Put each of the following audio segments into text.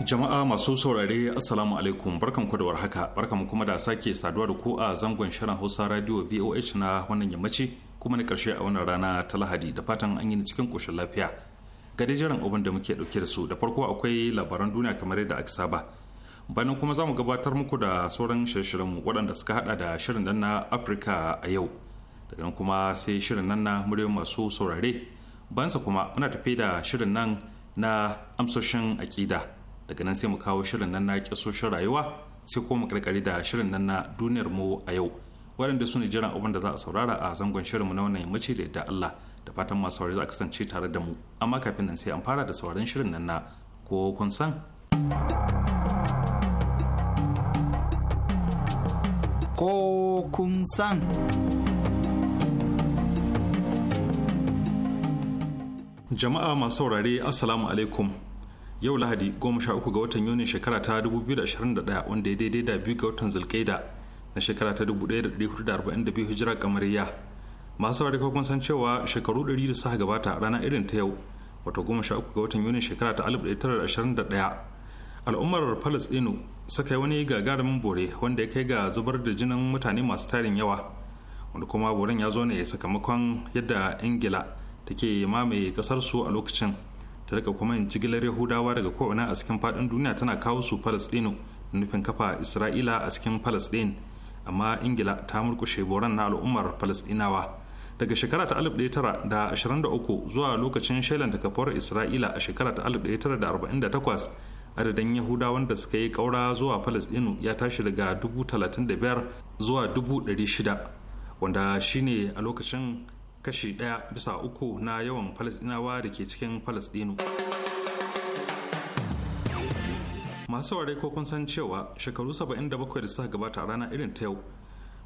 Jama'a masu saurare Assalamu alaikum barkan ku da warhaka barkan kuma da sake saduwa da ku a zangon shirin Hausa Radio VOH na wannan yammaci kuma na karshe a wannan rana ta Lahadi da fatan an yi cikin koshin lafiya. Ga dai jiran abin da muke dauke da su da farko akwai labaran duniya kamar yadda aka saba. Bayan kuma za mu gabatar muku da sauran shirye-shiryen waɗanda suka hada da shirin nan na Afirka a yau. Daga nan kuma sai shirin nan na muryoyin masu saurare. Bansa kuma muna tafi da shirin nan na amsoshin aƙida. daga nan sai mu kawo shirin nan na kisoshin rayuwa sai kuma mu karkare da shirin nan na duniyar mu a yau waɗanda su ne jiran abin da za a saurara a zangon shirinmu na wannan yammaci da yadda Allah da fatan masu saurari za a kasance tare da mu amma kafin nan sai an fara da sauraron shirin nan na ko kun san ko kun san jama'a masu saurari assalamu alaikum yau lahadi 13 ga watan yuni shekara ta 2021 wanda ya daidai da biyu ga watan zulkaida na shekara ta 1442 hijira kamariya masu saurari kun san cewa shekaru 100 da suka gabata rana irin ta yau wato 13 ga watan yuni shekara ta 1921 al'ummar dinu suka yi wani gagarumin bore wanda ya kai ga zubar da jinin mutane masu tarin yawa wanda kuma boren ya zo ne sakamakon yadda ingila take mamaye kasar su a lokacin ta rika kuma yin jigilar yahudawa daga ko'ina a cikin faɗin duniya tana kawo su palestino nufin kafa isra'ila a cikin palestine amma ingila ta murkushe boran na al'ummar palestinawa daga shekara ta 1923 zuwa lokacin ta kafar isra'ila a shekara ta 1948 adadin yahudawan da suka yi kaura zuwa falasɗinu ya tashi daga 35,000 zuwa 600 wanda shine a lokacin kashi ɗaya bisa uku na yawan falasɗinawa da ke cikin falasɗinu masu saurare ko kun san cewa shekaru 77 da suka gabata a rana irin ta yau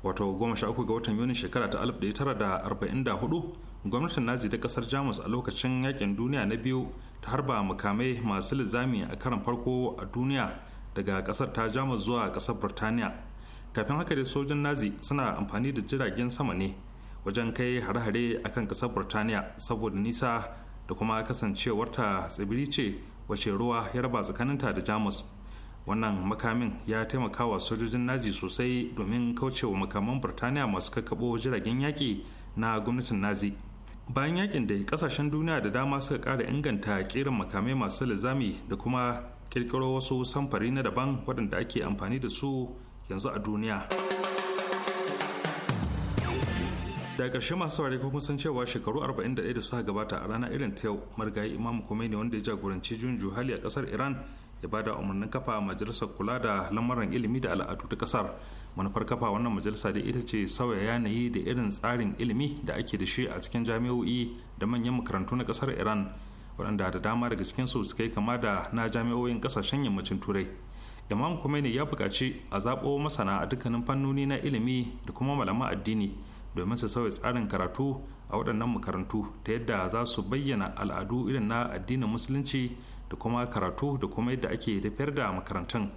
wato 13 ga watan yuni shekara ta 1944 gwamnatin nazi da kasar jamus a lokacin yakin duniya na biyu ta harba makamai masu lizami a karan farko a duniya daga kasar ta jamus zuwa kasar birtaniya kafin haka dai sojin nazi suna amfani da jiragen sama ne wajen kai hare-hare a kan ƙasar burtaniya saboda nisa da kuma kasancewarta tsibiri ce wace ruwa ya raba tsakaninta da jamus wannan makamin ya taimakawa sojojin nazi sosai domin kaucewa makaman burtaniya masu kakkaɓo jiragen yaƙi na gwamnatin nazi bayan yakin da kasashen duniya da dama suka ƙara inganta ƙirin makamai masu lizami da kuma ƙirƙiro wasu samfari na daban waɗanda ake amfani da su yanzu a duniya. da ƙarshe masu saurari kuma san cewa shekaru 41 da suka gabata a rana irin ta yau marigayi imam khomeini wanda ya jagoranci junju hali a kasar iran ya ba da umarnin kafa majalisar kula da lamarin ilimi da al'adu ta kasar manufar kafa wannan majalisa da ita ce sauya yanayi da irin tsarin ilimi da ake da shi a cikin jami'o'i da manyan makarantu na kasar iran waɗanda da dama daga cikinsu suka yi kama da na jami'o'in ƙasashen yammacin turai imam khomeini ya buƙaci a zaɓo masana a dukkanin fannoni na ilimi da kuma malaman addini domin su sauya tsarin karatu a waɗannan makarantu ta yadda za su bayyana al'adu irin na addinin musulunci da kuma karatu da kuma yadda ake tafiyar da makarantun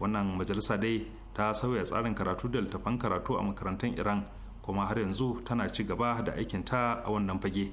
wannan majalisa dai ta sauya tsarin karatu da littafan karatu a makarantun iran kuma har yanzu tana ci gaba da aikinta a wannan fage.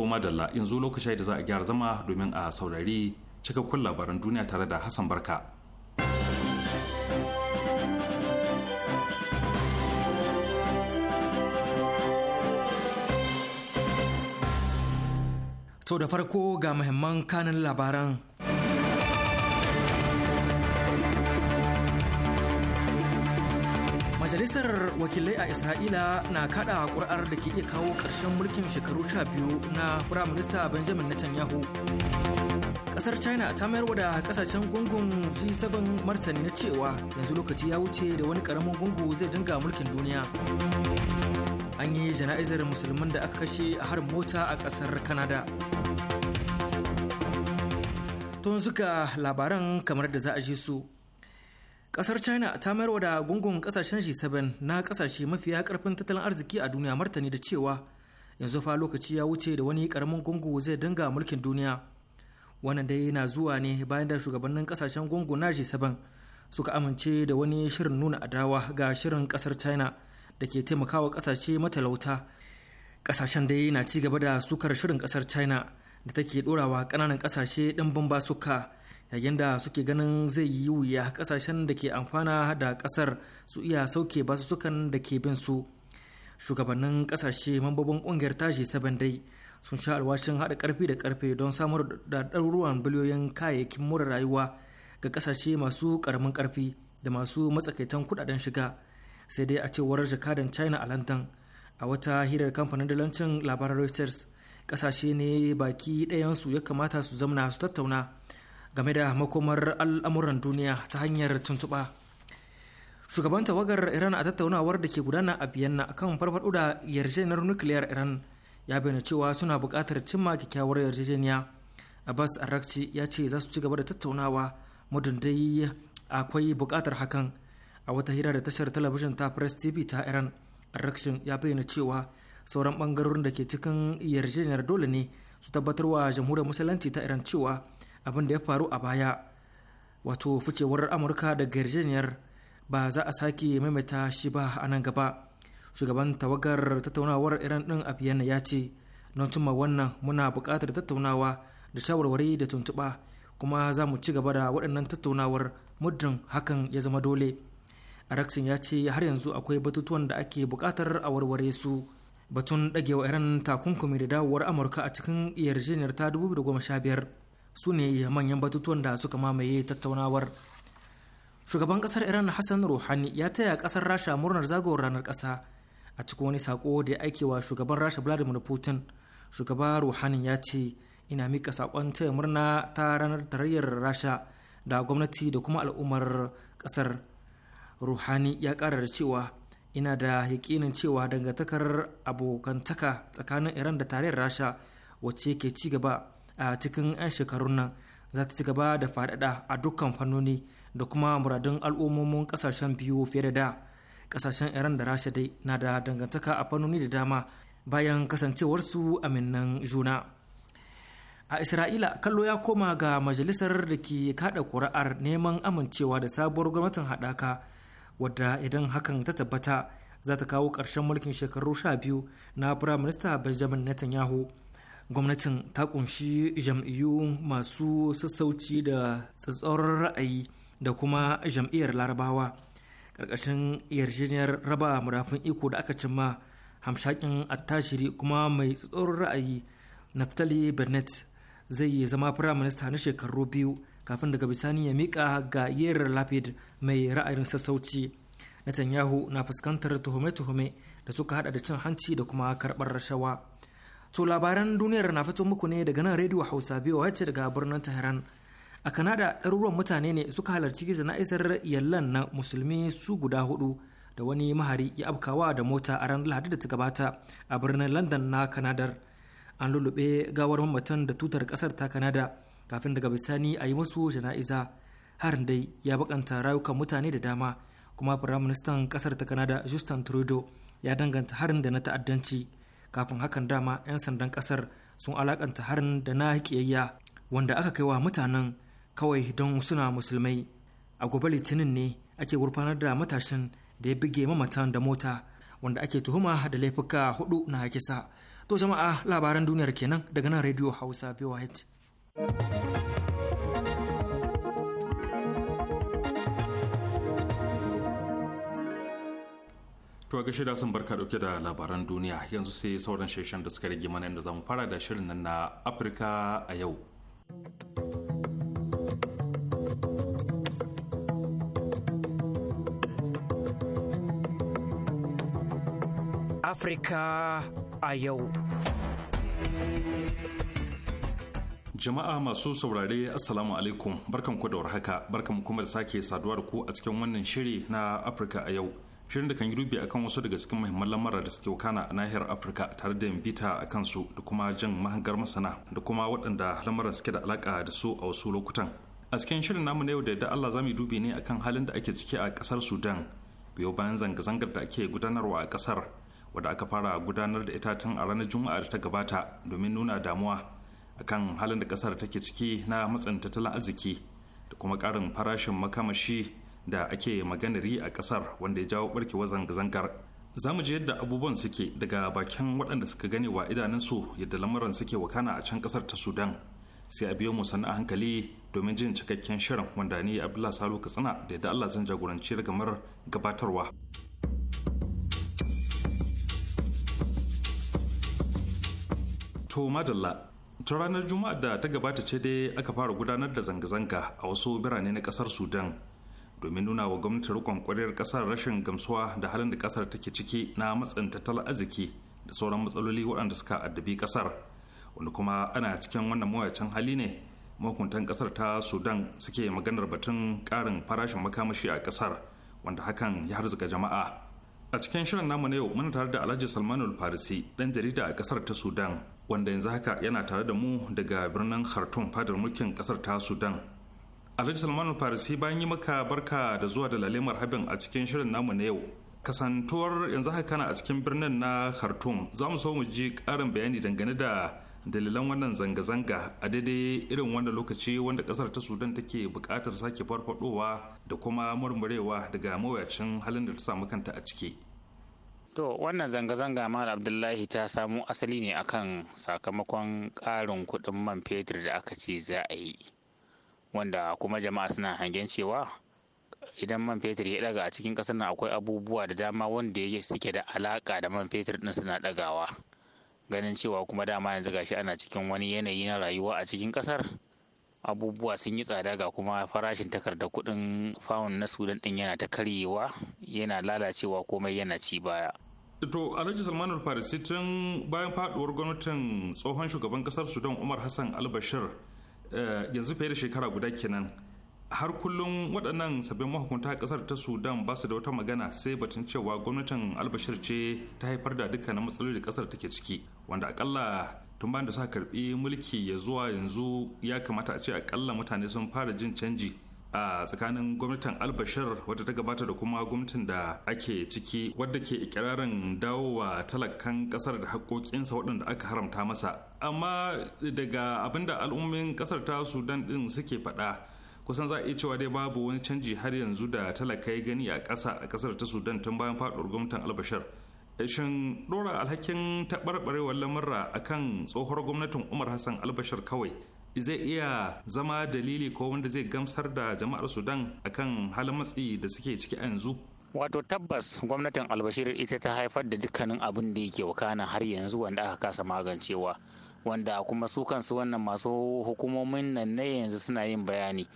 To madalla in zo lokacin da za a gyara zama domin a saurari cikakkun labaran duniya tare da Hassan Barka. To da farko ga muhimman kanin labaran majalisar wakilai a isra'ila na kada kuri'ar da ke iya kawo ƙarshen mulkin shekaru sha biyu na firaminista benjamin netanyahu Ƙasar china ta mayar da kasashen gungun g7 martani na cewa yanzu lokaci ya wuce da wani ƙaramin gungu zai dinga mulkin duniya an yi jana'izar musulman da aka kashe a harin mota a ƙasar Kanada. tun suka labaran kamar da za a ji su kasar china ta mayar da gungun kasashen shi 7 na kasashe mafiya karfin tattalin arziki a duniya martani da cewa yanzu fa lokaci ya wuce da wani karamin gungu zai dinga mulkin duniya wannan dai na zuwa ne bayan da shugabannin kasashen gungu na shi 7 suka amince da wani shirin nuna adawa ga shirin kasar china da ke taimakawa kasashe matalauta kasashen dai na ci gaba da sukar shirin kasar china da take dorawa kananan kasashe bamba basuka yayin da suke ganin zai yi wuya kasashen da ke amfana da kasar su iya sauke sukan da ke bin su shugabannin kasashe mambobin kungiyar tashi 7 dai sun sha alwashin haɗa karfi da karfe don samar da ɗaruruwan biliyoyin kayayyakin mura rayuwa ga kasashe masu ƙaramin karfi da masu matsakaitan kudaden shiga sai dai a cewar jakadan china a london a wata hirar kamfanin dalancin labaran reuters kasashe ne baki ɗayansu ya kamata su zamna su tattauna game da makomar al'amuran duniya ta hanyar tuntuɓa shugaban tawagar iran a tattaunawar da ke gudana a na kan farfaɗo da yarjejeniyar nukiliyar iran ya bayyana cewa suna buƙatar cimma kyakkyawar yarjejeniya abbas arakci ya ce za su ci gaba da tattaunawa muddin dai akwai buƙatar hakan a wata hira da tashar talabijin ta press tv ta iran arakcin ya bayyana cewa sauran bangarorin da ke cikin yarjejeniyar dole ne su tabbatar wa jamhuriyar musulunci ta iran cewa abin da ya faru a baya wato ficewar amurka da yarjejeniyar ba za a sake maimaita shi ba a nan gaba shugaban tawagar tattaunawar iran din a vienna ya ce don cimma wannan muna bukatar tattaunawa da shawarwari da tuntuɓa kuma za mu ci gaba da waɗannan tattaunawar muddin hakan ya zama dole araksin ya ce har yanzu akwai batutuwan da ake bukatar a warware su batun ɗagewa iran takunkumi da dawowar amurka a cikin yarjejeniyar ta 2015 su ne manyan batutuwan da suka mamaye tattaunawar shugaban kasar iran hassan ruhani ya taya kasar rasha murnar zagawar ranar kasa a cikin wani sako da ya aike wa shugaban rasha vladimir putin shugaba ruhani ya ce ina mika sakon taya murna ta ranar tarayyar rasha da gwamnati da kuma al'ummar kasar ruhani ya kara da cewa ina da yakinin cewa dangantakar abokantaka tsakanin iran da tarayyar rasha wacce ke ci gaba a cikin 'yan shekarun nan za ta ci gaba da faɗaɗa a dukkan fannoni da kuma muradun al'ummomin ƙasashen biyu fiye da da ƙasashen iran da rasha dai na da dangantaka a fannoni da dama bayan kasancewarsu a aminnan juna a isra'ila kallo ya koma ga majalisar da ke kada ƙuri'ar neman amincewa da sabuwar gwamnatin haɗaka wadda idan hakan ta tabbata za ta kawo ƙarshen mulkin shekaru sha biyu na firaminista benjamin netanyahu gwamnatin ta kunshi jam'iyyu masu sassauci da tsatsauran ra'ayi da kuma jam'iyyar larabawa ƙarƙashin yarjejeniyar raba murafin iko da aka cimma hamshakin attashiri kuma mai tsatsauran ra'ayi naftali bennett zai yi zama firaminista na shekaru biyu kafin daga bisani ya mika ga yerar lapid mai ra'ayin sassauci netanyahu na fuskantar tuhume-tuhume da suka hada da cin hanci da kuma karbar rashawa To labaran duniyar na fito muku ne daga nan rediyo Hausa wacce daga birnin Tehran. A Kanada ɗaruruwan mutane ne suka halarci isar yallan na musulmi su guda hudu da wani mahari ya afkawa da mota a ranar Lahadi da ta gabata a birnin London na Kanadar. An lulluɓe gawar mamatan da tutar ƙasar ta Kanada kafin daga bisani a yi musu jana'iza. Harin dai ya bakanta rayukan mutane da dama kuma Firaministan ƙasar ta Kanada Justin Trudeau ya danganta harin da na ta'addanci. kafin hakan dama 'yan sandan kasar sun alakanta harin da na kiyayya wanda aka kaiwa mutanen kawai don suna musulmai a gobe litinin ne ake gurfanar da matashin da ya bige mamatan da mota wanda ake tuhuma da laifuka hudu na kisa to jama'a labaran duniyar kenan daga nan radio hausa voh To ga shida sun barka dauke da labaran duniya yanzu sai sauran sheshen da suka rage mana inda zamu fara da shirin nan na Afirka a yau. Afirka a yau. Jama'a masu saurare Assalamu alaikum barkan ku da warhaka barkan kuma da sake saduwa da ku a cikin wannan shiri na Afirka a yau. shirin da kan yi dubi akan wasu daga cikin muhimman lamura da suke wakana a nahiyar afirka tare da yambita bita a kansu da kuma jan mahangar masana da kuma waɗanda lamuran suke da alaka da su a wasu lokutan a cikin shirin namu na yau da allah za mu dubi ne akan halin da ake ciki a ƙasar sudan biyo bayan zanga-zangar da ake gudanarwa a ƙasar wadda aka fara gudanar da ita tun a ranar juma'a da ta gabata domin nuna damuwa akan halin da ƙasar take ciki na matsin tattalin arziki da kuma ƙarin farashin makamashi da ake maganari a kasar wanda ya jawo barkewar zanga-zangar za mu ji yadda abubuwan suke daga bakin waɗanda suka gane wa idanunsu yadda lamuran suke wakana a can kasar ta sudan sai a biyo mu sannu a hankali domin jin cikakken shirin wanda ni abdullahi salu katsina da yadda allah zan jagoranci gamar gabatarwa to madalla ta ranar juma'a da ta gabata ce dai aka fara gudanar da zanga-zanga a wasu birane na kasar sudan domin nuna wa gwamnatin rikon kwarar kasar rashin gamsuwa da halin da kasar take ciki na matsin tattalin arziki da sauran matsaloli waɗanda suka addabi kasar wanda kuma ana cikin wannan mawuyacin hali ne mahukuntan kasar ta sudan suke maganar batun ƙarin farashin makamashi a kasar wanda hakan ya harzuka jama'a a cikin shirin namu na yau muna tare da alhaji salmanul farisi ɗan jarida a kasar ta sudan wanda yanzu haka yana tare da mu daga birnin khartoum fadar mulkin kasar ta sudan alhaji salmanu farisi bayan yi maka barka da zuwa da lalimar habin a cikin shirin namu na yau kasantuwar yanzu haka kana a cikin birnin na khartoum za mu so mu ji karin bayani dangane da dalilan wannan zanga-zanga a daidai irin wanda lokaci wanda kasar ta sudan take buƙatar sake farfadowa da kuma murmurewa daga mawuyacin halin da ta samu kanta a ciki To wannan zanga-zanga Mal Abdullahi ta samu asali ne akan sakamakon ƙarin kuɗin man fetur da aka ce za a yi. wanda kuma jama'a suna hangen cewa idan man fetur ya daga a cikin ƙasar nan akwai abubuwa da dama wanda yake suke da alaƙa da man fetur ɗin suna ɗagawa ganin cewa kuma dama yanzu gashi ana cikin wani yanayi na rayuwa a cikin kasar abubuwa sun yi tsada ga kuma farashin takardar kuɗin faun na sudan ɗin yana ta karyewa yana lalacewa komai yana ci baya to alhaji salman farisi tun bayan faduwar gwamnatin tsohon shugaban kasar sudan umar hassan albashir Eh, yanzu fiye da shekara guda kenan har kullum waɗannan sabbin mahukunta ƙasar ta sudan ba su da wata magana sai batun cewa gwamnatin albashir ce ta haifar da dukkanin matsaloli da ƙasar take ciki wanda akalla tun bayan da suka karbi mulki ya zuwa yanzu ya kamata a ce akalla mutane sun fara jin canji a tsakanin gwamnatin albashir wadda ta gabata da kuma gwamnatin da ake ciki wadda ke ikirarin dawowa talakan kasar da haƙoƙinsa waɗanda aka haramta masa amma daga abinda al'ummin kasar ta sudan ɗin suke faɗa kusan za a iya cewa dai babu wani canji har yanzu da talakai gani a ƙasa a ƙasar ta sudan tun bayan faɗuwar gwamnatin albashir eh, shin ɗora alhakin taɓarɓarewar lamarra akan tsohuwar gwamnatin umar hassan albashir kawai zai iya zama dalili ko wanda zai gamsar da jama'ar sudan akan halin matsi da suke ciki a yanzu wato tabbas gwamnatin albashir ita ta haifar da dukkanin abin da yake wakana har yanzu wanda aka kasa magancewa wanda kuma su kansu wannan masu hukumomin nan na yanzu suna yin bayani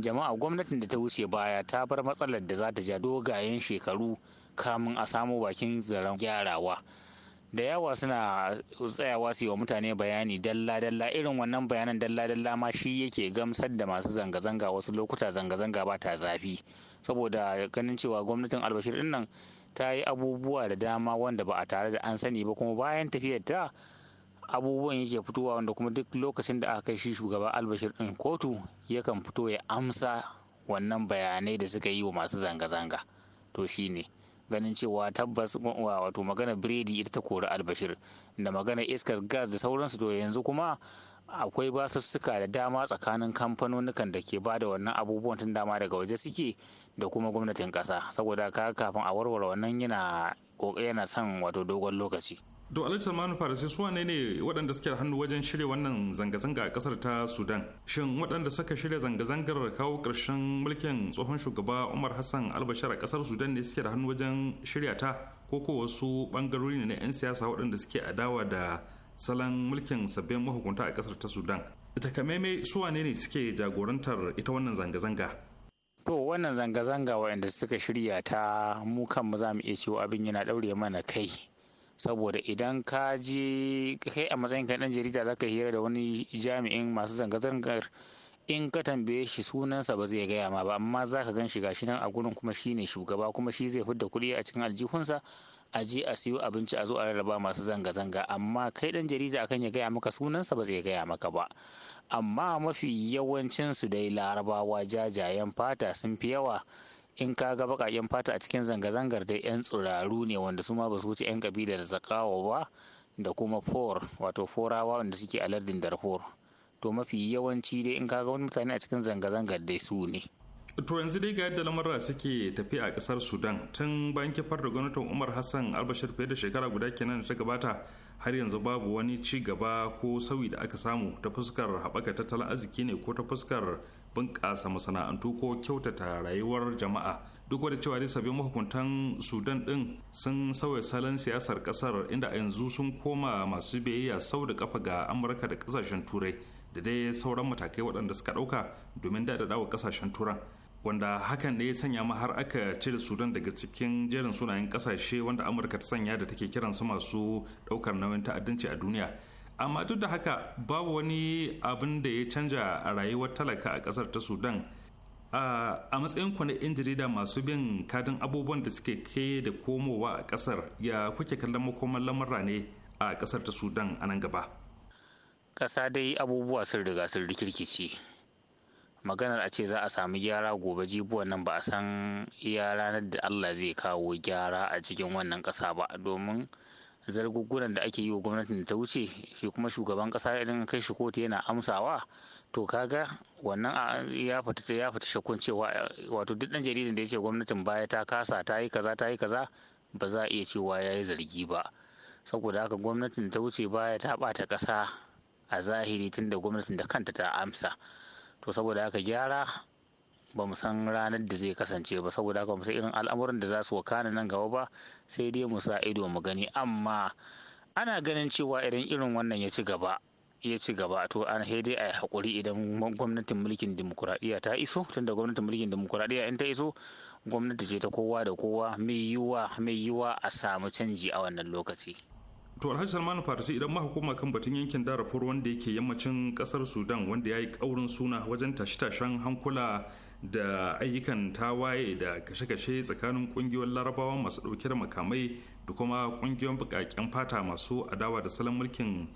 jama'a gwamnatin da ta wuce baya ta bar matsalar da za ta ja dogayen shekaru kamun a samu bakin zaren gyarawa da yawa suna tsayawa su yi wa mutane bayani dalla-dalla irin wannan bayanan dalla-dalla ma shi yake gamsar da masu zanga-zanga wasu lokuta zanga-zanga ba ta zafi saboda ganin cewa gwamnatin albashir din nan ta yi abubuwa da dama wanda ba a tare da an sani ba kuma bayan tafiyar ta abubuwan yake fitowa wanda kuma duk lokacin da aka kai shi shugaba albashir din kotu yakan fito ya amsa wannan bayanai da suka yi wa masu zanga-zanga to shine ne ganin cewa tabbas wato magana biredi ita ta kori albashir da magana iskar gas da sauransu to yanzu kuma akwai basussuka da dama tsakanin kamfanonukan da ke ba da wannan abubuwan tun dama daga waje suke da kuma gwamnatin kasa saboda ka kafin a warware wannan yana yana son wato dogon lokaci to alhaji salmanu farisi su wane ne waɗanda suke da hannu wajen shirya wannan zanga-zanga a ƙasar ta sudan shin waɗanda suka shirya zanga-zangar kawo ƙarshen mulkin tsohon shugaba umar hassan albashar a ƙasar sudan ne suke da hannu wajen shirya ta ko ko wasu ɓangarori ne na 'yan siyasa waɗanda suke adawa da salon mulkin sabbin mahukunta a ƙasar ta sudan ita kameme su wane ne suke jagorantar ita wannan zanga-zanga To wannan zanga-zanga waɗanda suka shirya ta mu kanmu za mu iya cewa abin yana ɗaure mana kai saboda idan ka je kai a matsayin ka dan jarida zaka hira da wani jami'in masu zanga-zangar in ka tambaye shi sunansa ba zai gaya ma ba amma za ka gan shi gashi nan a gurin kuma shi ne shugaba kuma shi zai fidda kuɗi a cikin aljihunsa a je a siyo abinci a zo a rarraba masu zanga-zanga amma kai ɗan jarida akan ya gaya maka sunansa ba zai gaya maka ba amma mafi yawancinsu dai larabawa jajayen fata sun fi yawa in ka ga baƙaƙen fata a cikin zanga-zangar dai 'yan tsiraru ne wanda su ma ba su wuce 'yan kabilar zakawa ba da kuma for wato forawa wanda suke a lardin darfur to mafi yawanci dai in ka ga wani mutane a cikin zanga-zangar dai su ne to yanzu dai ga yadda lamarra suke tafi a kasar sudan tun bayan kifar da gwamnatin umar hassan albashir fiye da shekara guda kenan da ta gabata har yanzu babu wani ci gaba ko sauyi da aka samu ta fuskar haɓaka tattalin arziki ne ko ta fuskar bunƙasa masana'antu ko kyautata rayuwar jama'a duk wanda cewa dai sabbin mahukuntan sudan din sun sauya salon siyasar kasar inda yanzu sun koma masu biyayya sau da kafa ga amurka da kasashen turai da dai sauran matakai waɗanda suka ɗauka domin daɗaɗa wa kasashen turan wanda hakan ne ya sanya ma har aka cire sudan daga cikin jerin sunayen kasashe wanda amurka ta sanya da take kiransu masu ɗaukar nauyin ta'addanci a duniya amma duk da haka babu wani abin da ya canja a rayuwar talaka a kasar ta sudan a matsayin ku na 'yan jarida masu bin kadin abubuwan da suke kai da komowa a kasar ya kuke kallon makoman lamurra ne a kasar ta sudan a nan gaba ƙasa dai abubuwa sun riga sun rikirkici maganar a ce za a samu gyara gobe jibuwan nan ba a san iya ranar da allah zai kawo gyara a cikin wannan ƙasa ba domin zargugunan da ake yi wa gwamnatin da ta wuce shi kuma shugaban kasa idan kai shi kotu yana amsawa to kaga wannan ya fita ya fita shakkun cewa wato duk dan jaridan da ya ce gwamnatin baya ta kasa ta yi kaza ta yi kaza ba za a iya cewa ya yi zargi ba saboda haka gwamnatin ta wuce baya ta bata kasa a zahiri tunda gwamnatin da kanta ta amsa to saboda haka gyara ba mu san ranar da zai kasance ba saboda haka mu san irin al'amuran da za su wakana nan gaba ba sai dai mu sa ido mu gani amma ana ganin cewa idan irin wannan ya ci gaba ya ci gaba to an sai dai a hakuri idan gwamnatin mulkin dimokuraɗiyya ta iso tunda gwamnatin mulkin dimokuraɗiyya in ta iso gwamnati ce ta kowa da kowa mai yiwuwa mai yiwuwa a samu canji a wannan lokaci to alhaji salman farisi idan mahukuma kan batun yankin darafur wanda yake yammacin kasar sudan wanda ya yi kaurin suna wajen tashi tashen hankula da ayyukan ta waye da kashe-kashe tsakanin kungiyoyin larabawa masu ɗauke da makamai da kuma kungiyoyin bukaken fata masu adawa da salon mulkin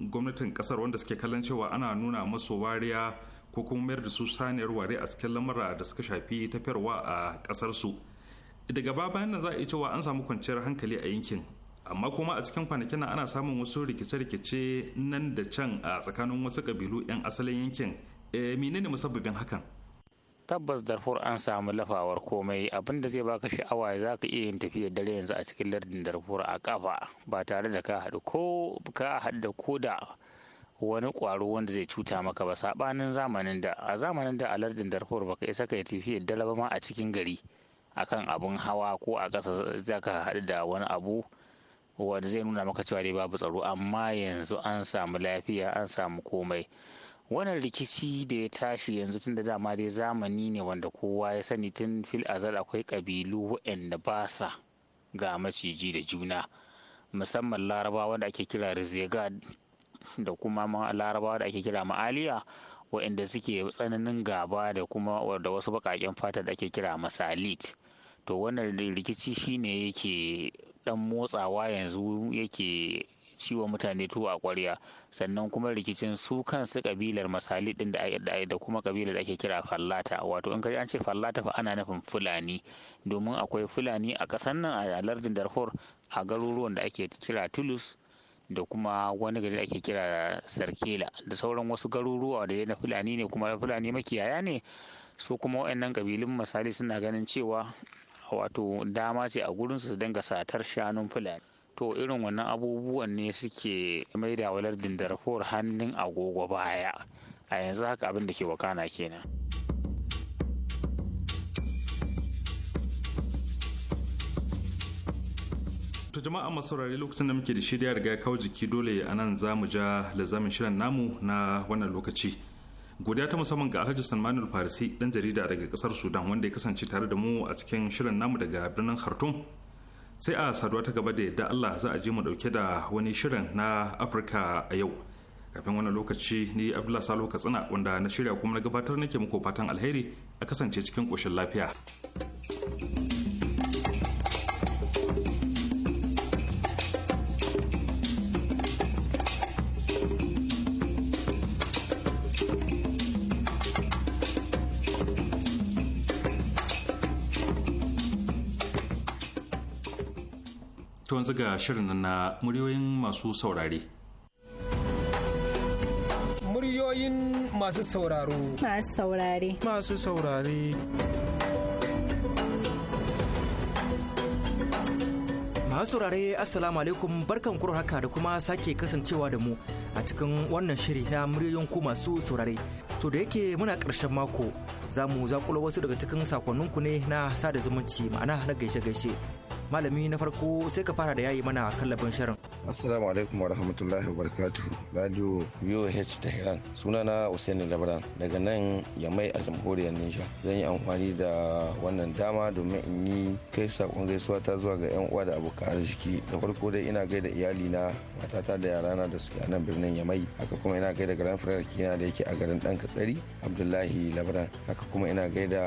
gwamnatin kasar wanda suke kallon cewa ana nuna masu wariya ko kuma mayar da su saniyar ware a cikin lamura da suka shafi tafiyarwa a kasar su daga baya bayan nan za a yi cewa an samu kwanciyar hankali a yankin amma kuma a cikin kwanakin nan ana samun wasu rikice-rikice nan da can a tsakanin wasu kabilu 'yan asalin yankin eh, menene musabbabin hakan tabbas darfur an samu lafawar komai abin da zai baka sha'awa za ka iya yin tafiyar dare yanzu a cikin lardin darfur a kafa ba tare da ka haɗu ko ka haɗu ko da wani ƙwaro wanda zai cuta maka ba saɓanin zamanin da a zamanin da a lardin darfur ba ka isa ka yi tafiyar dare ba ma a cikin gari akan abin hawa ko a ƙasa za ka haɗu da wani abu wanda zai nuna maka cewa dai babu tsaro amma yanzu an samu lafiya an samu komai wannan rikici da ya tashi yanzu tun da dama dai zamani ne wanda kowa ya sani tun fil azal akwai ƙabilu waɗanda ba sa ga maciji da juna musamman larabawa da ake kira rizegad da kuma larabawa da ake kira ma'aliya waɗanda suke tsananin gaba da kuma da wasu baƙaƙen fata da ake kira masalit to wannan rikici shine yake ɗan motsawa yanzu yake ciwon mutane tuwo a ƙwarya sannan kuma rikicin su kansu kabilar masali din da da kuma kabilar da ake kira fallata wato in kai an ce fallata fa ana nufin fulani domin akwai fulani a ƙasar nan a lardin darfur a garuruwan da ake kira tulus da kuma wani gari ake kira sarkela da sauran wasu garuruwa da na fulani ne kuma fulani makiyaya ne su kuma waɗannan kabilun misali suna ganin cewa wato dama ce a gurinsu su dinga satar shanun fulani to irin wannan abubuwan ne suke maida da da darfur hannun agogo baya a yanzu haka abin da ke wakana kenan to jama'a masu saurari lokacin da muke da shirya riga kawo jiki dole a nan za mu ja lazamin shirin namu na wannan lokaci godiya ta musamman ga alhaji salmanul farisi dan jarida daga kasar sudan wanda ya kasance tare da mu a cikin shirin namu daga birnin khartoum sai a saduwa ta gaba da yadda Allah za a je mu dauke da wani shirin na Afirka a yau kafin wannan lokaci ni Abdullah Salo Katsina wanda na shirya kuma na gabatar nake muku fatan alheri a kasance cikin koshin lafiya. ta yanzu ga shirin na muryoyin masu saurare. Muryoyin masu sauraro. Masu saurare. Masu saurare. masu saurare assalamu alaikum barkan kuro haka da kuma sake kasancewa da mu a cikin wannan shiri na muryoyin ku masu saurare to da yake muna karshen mako za mu zakulo wasu daga cikin sakonninku ne na sada zumunci ma'ana na gaishe-gaishe malami na farko sai ka fara da yayi mana kallabin shirin Assalamu alaikum wa rahmatullahi wa barakatuhu. Radio VOH Tehran. Sunana Usaini Labran daga nan ya mai a jamhuriyar Ninja. Zan yi amfani da wannan dama domin in yi kai sakon gaisuwa ta zuwa ga yan uwa da abokan arziki. Da farko dai ina gaida iyali na matata da yarana da suke a nan birnin ya mai Haka kuma ina gaida garan firar kina da yake a garin Dan Katsari Abdullahi Labran. Haka kuma ina gaida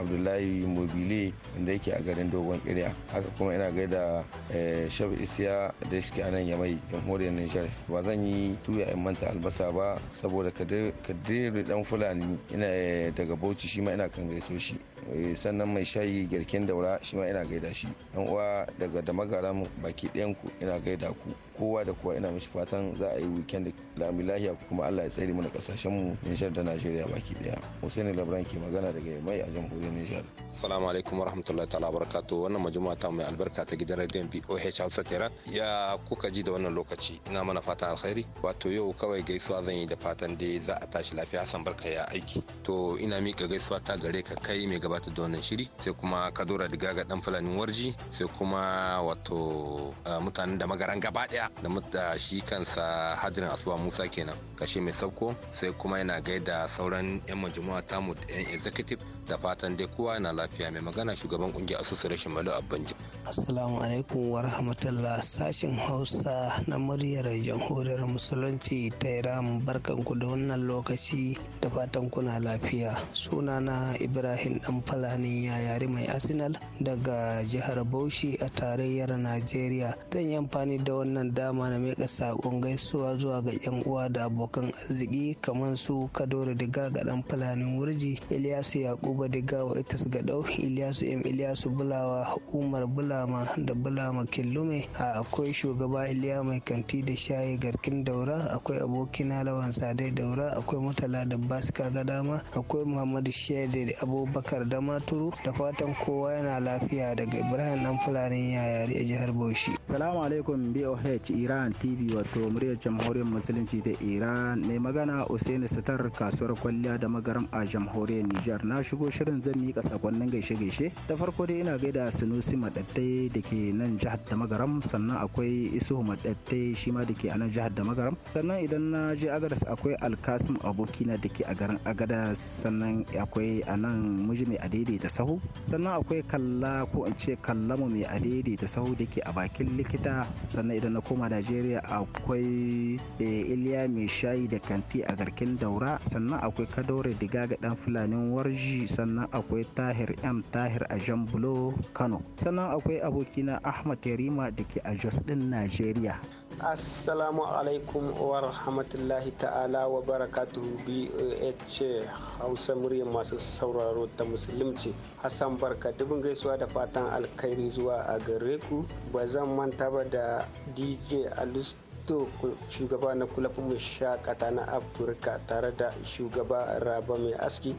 Abdullahi Mobile da yake a garin Dogon Kirya. Haka kuma ina gaida eh, Shabu Isiya da suke a nan yamai jamhuriyar nijar ba zan yi tuya in manta albasa ba saboda kadiri dan fulani ina eh, daga bauchi shi ma ina kan gaiso shi Eh, sannan mai shayi girkin daura shi ma ina gaida shi yan uwa daga da mu baki ɗayan ku ina gaida ku kowa da kowa ina mishi fatan za a yi weekend da lahiya kuma Allah ya tsare mana kasashen mu Nijar da Najeriya baki ɗaya Hussein Labran ke magana daga mai a jamhuriyar Nijar Assalamu alaikum warahmatullahi ta'ala barakatuh wannan majuma ta mai albarka ta gidan radiyon BOH Hausa Tehran ya kuka ji da wannan lokaci ina mana fatan alkhairi wato yau kawai gaisuwa zan yi da fatan dai za a tashi lafiya Hassan barka ya aiki to ina mika gaisuwa ta gare ka kai mai gaba gabatar da wannan shiri sai kuma kadora diga ga dan fulanin warji sai kuma wato mutanen da magaran gaba daya da shi kansa hadirin asuwa musa kenan kashe mai sauko sai kuma yana gaida sauran yan majmu'a tamu da yan executive da fatan dai kowa na lafiya mai magana shugaban kungiyar asusun rashin malu a ji assalamu alaikum wa rahmatullah sashin hausa na muryar jamhuriyar musulunci ta iran barkan ku da wannan lokaci da fatan kuna lafiya sunana ibrahim dan ya yayari mai arsenal daga jihar bauchi a tarayyar najeriya zan yi amfani da wannan dama na mika saƙon gaisuwa zuwa ga yan uwa da abokan arziki kamar su kadoro diga ga dan fulanin wurji ilyasu yaƙu buba digawa ita su gadau ilyasu m iliyasu bulawa umar bulama da bulama killume a akwai shugaba iliya mai kanti da shayi garkin daura akwai abokina lawan sadai daura akwai mutala da basika dama akwai muhammadu shaida da abubakar da maturu da fatan kowa yana lafiya daga ibrahim dan fulani yayari a jihar bauchi salamu alaikum boh iran tv wato muryar jamhuriyar musulunci da iran mai magana usaini sitar kasuwar kwalliya da magaram a jamhuriyar nijar na shigo shigo shirin zan mika sakonnin gaishe-gaishe ta farko dai ina gaida Sunusi Madattai da ke nan jihar damagaram sannan akwai Isuhu Madattai shi ma da ke a nan jihar damagaram sannan idan na je Agadas akwai Alkasim abokina da ke a garin Agadas sannan akwai a nan miji mai adaidai ta sahu sannan akwai kalla ko in ce kallamu mai adaidai ta sahu da ke a bakin likita sannan idan na koma Najeriya akwai eh, Iliya mai shayi da kanti a garkin daura sannan akwai Kadore Diga ga dan Fulanin Warji sannan akwai tahir m tahir a jan bulo kano sannan akwai abokina ahmad yarima da ke a jos din najeriya assalamu alaikum wa rahmatullahi ta'ala wa barakatuhu ce hausa muryar masu sauraro ta musulunci hassan barka dubin gaisuwa da fatan alkhairi zuwa a gare ku ba zan manta ba da dj alus to shugaba na kulafin shakata na afirka tare da shugaba raba mai aski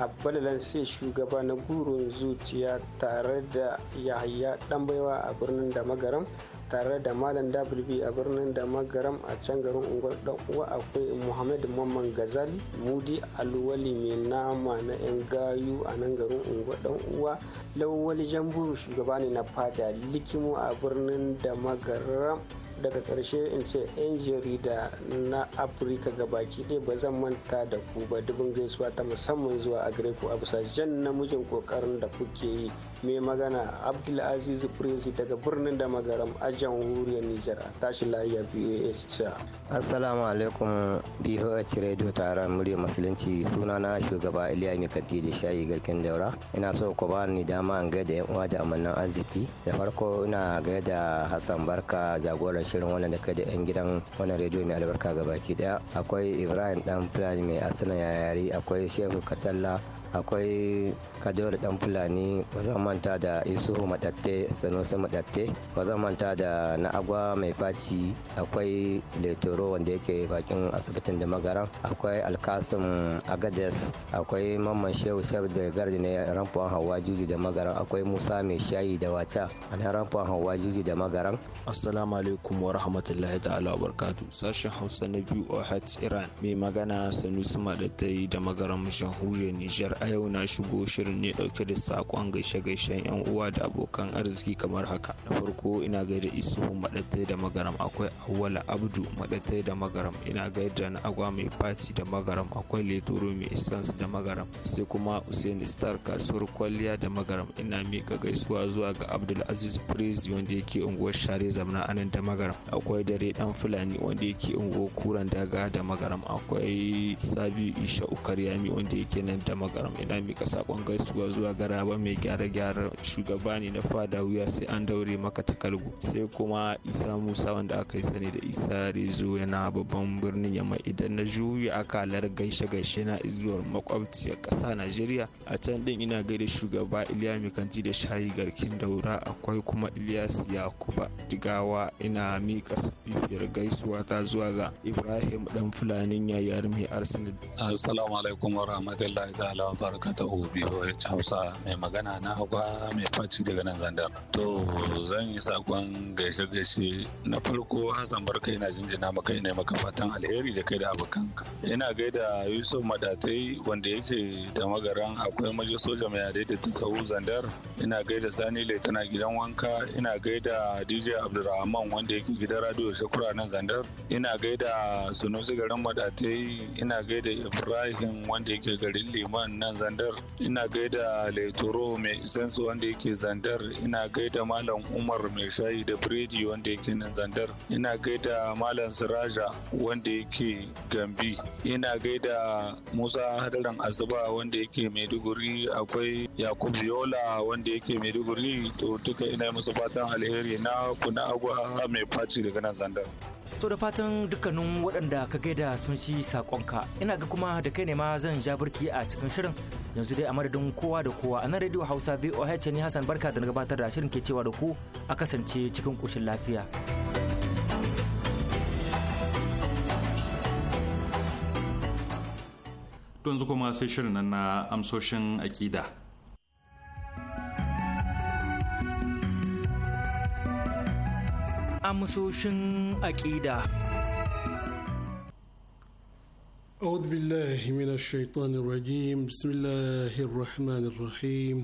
abdullan sai shugaba na burin zuciya tare da yahaya dan a birnin da magaram tare da malam wb a birnin da magaram a can garin unguwar dan uwa akwai muhammad mamman gazali mudi alwali mai nama na yan gayu a nan garin unguwar dan uwa lawali jamburu shugaba ne na fada likimo a birnin da magaram daga ƙarshe in ce 'yan jarida na afirka gabaki ɗaya ba zan manta da ku ba dubin gaisuwa ta musamman zuwa a gare ku a bisa jan namijin ƙoƙarin da kuke yi mai magana abdulaziz prezi daga birnin da magaram a jamhuriyar nijar a tashi lahiya voa assalamu alaikum boh radio taron murya musulunci suna na shugaba iliya mai da shayi garkin daura ina so ku ba ni dama in gaida yan uwa da amannan arziki da farko ina gaida hassan barka jagoran shirin wannan da kai da yan gidan wannan radio mai albarka gabaki daya akwai ibrahim dan fulani mai asalin yayari akwai shehu katsalla akwai kadawar dan fulani ba zan manta da isuhu madatte sanusi madatte ba zan manta da na agwa mai faci akwai letoro wanda yake bakin asibitin da magaran akwai alkasim agades akwai mamman shehu shehu da gardi ne ramfuwan hawa juji da magaran akwai musa mai shayi da wata a nan ramfuwan hawa juji da magaran assalamu alaikum wa rahmatullahi ta'ala wa barkatu sashen hausa na biyu ohat iran mai magana sanusi madatte da magaran mashahuriyar nijar a yau na shigo shirin shirin ne dauke da sakon gaishe-gaishen yan uwa da abokan arziki kamar haka na farko ina gaida isuhu madatai da magaram akwai awwala abdu madatai da magaram ina gaida na agwa mai fati da magaram akwai leturo mai essence da magaram sai kuma usain star kasuwar kwalliya da magaram ina mika gaisuwa zuwa ga abdul aziz prezi wanda yake unguwar share zamna anan da magaram akwai dare dan fulani wanda yake unguwar kuran daga da magaram akwai sabiu isha ukaryami wanda yake nan da magaram ina mika sakon gaisuwa zuwa zuwa garaba mai gyara gyara shugaba ne na fada wuya sai an daure maka takalma, sai kuma isa musa wanda aka yi sani da isa rezo yana babban birnin yamma idan na juya akalar gaishe gaishe na izuwar makwabciyar kasa najeriya a can din ina gaida shugaba iliya kanti da shayi garkin daura akwai kuma ilyas yakuba jigawa ina miƙa sifiyar gaisuwa ta zuwa ga ibrahim dan fulanin yayar mai arsenal assalamu alaikum wa ta'ala wa barakatuhu BOH Hausa mai magana na hagwa mai faci daga nan zandar. To zan yi sakon gaishe-gaishe na farko Hassan Barka ina jinjina maka ina maka fatan alheri da kai da ka. Ina gaida Yusuf Madatai wanda yake da magaran akwai maji soja mai yare da tasawu zandar. Ina gaida Sani Laitana gidan wanka. Ina gaida DJ Abdulrahman wanda yake gidan radio Shakura nan zandar. Ina gaida Sunusi garin Madatai. Ina gaida Ibrahim wanda yake garin Liman nan zandar. Ina gaida laitoro mai isansu wanda yake zandar ina gaida malam umar mai shayi da biredi wanda yake nan zandar ina gaida malam siraja wanda yake gambi ina gaida musa hadarin asuba wanda yake maiduguri akwai yakub yola wanda yake maiduguri to duka ina musu fatan alheri na kuna agwa mai faci daga nan zandar To da fatan dukkanin waɗanda ka gaida sun ci saƙonka ina ga kuma da kai ne ma zan ja birki a cikin shirin yanzu dai a madadin kowa da kowa a nan radio hausa voh ne hassan barka da na gabatar da shirin ke cewa da ku a kasance cikin kushin lafiya. yanzu kuma sai shirin nan na amsoshin aƙida. amsoshin أكيدا أعوذ بالله من الشيطان الرجيم بسم الله الرحمن الرحيم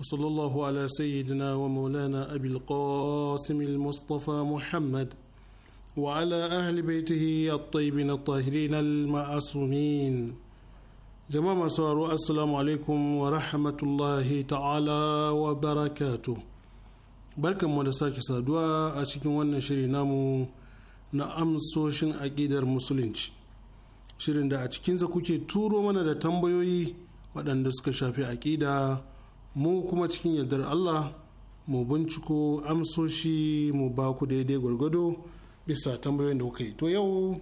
وصلى الله على سيدنا ومولانا أبي القاسم المصطفى محمد وعلى أهل بيته الطيبين الطاهرين المعصومين جماعة سوارو السلام عليكم ورحمة الله تعالى وبركاته barkan mu da sake saduwa a cikin wannan shiri namu na amsoshin aƙidar musulunci shirin da a cikinsa kuke turo mana da tambayoyi waɗanda suka shafi aƙida mu kuma cikin yardar allah mu binciko amsoshi mu ba ku daidai gwargwado bisa tambayoyin da kuka yi to yau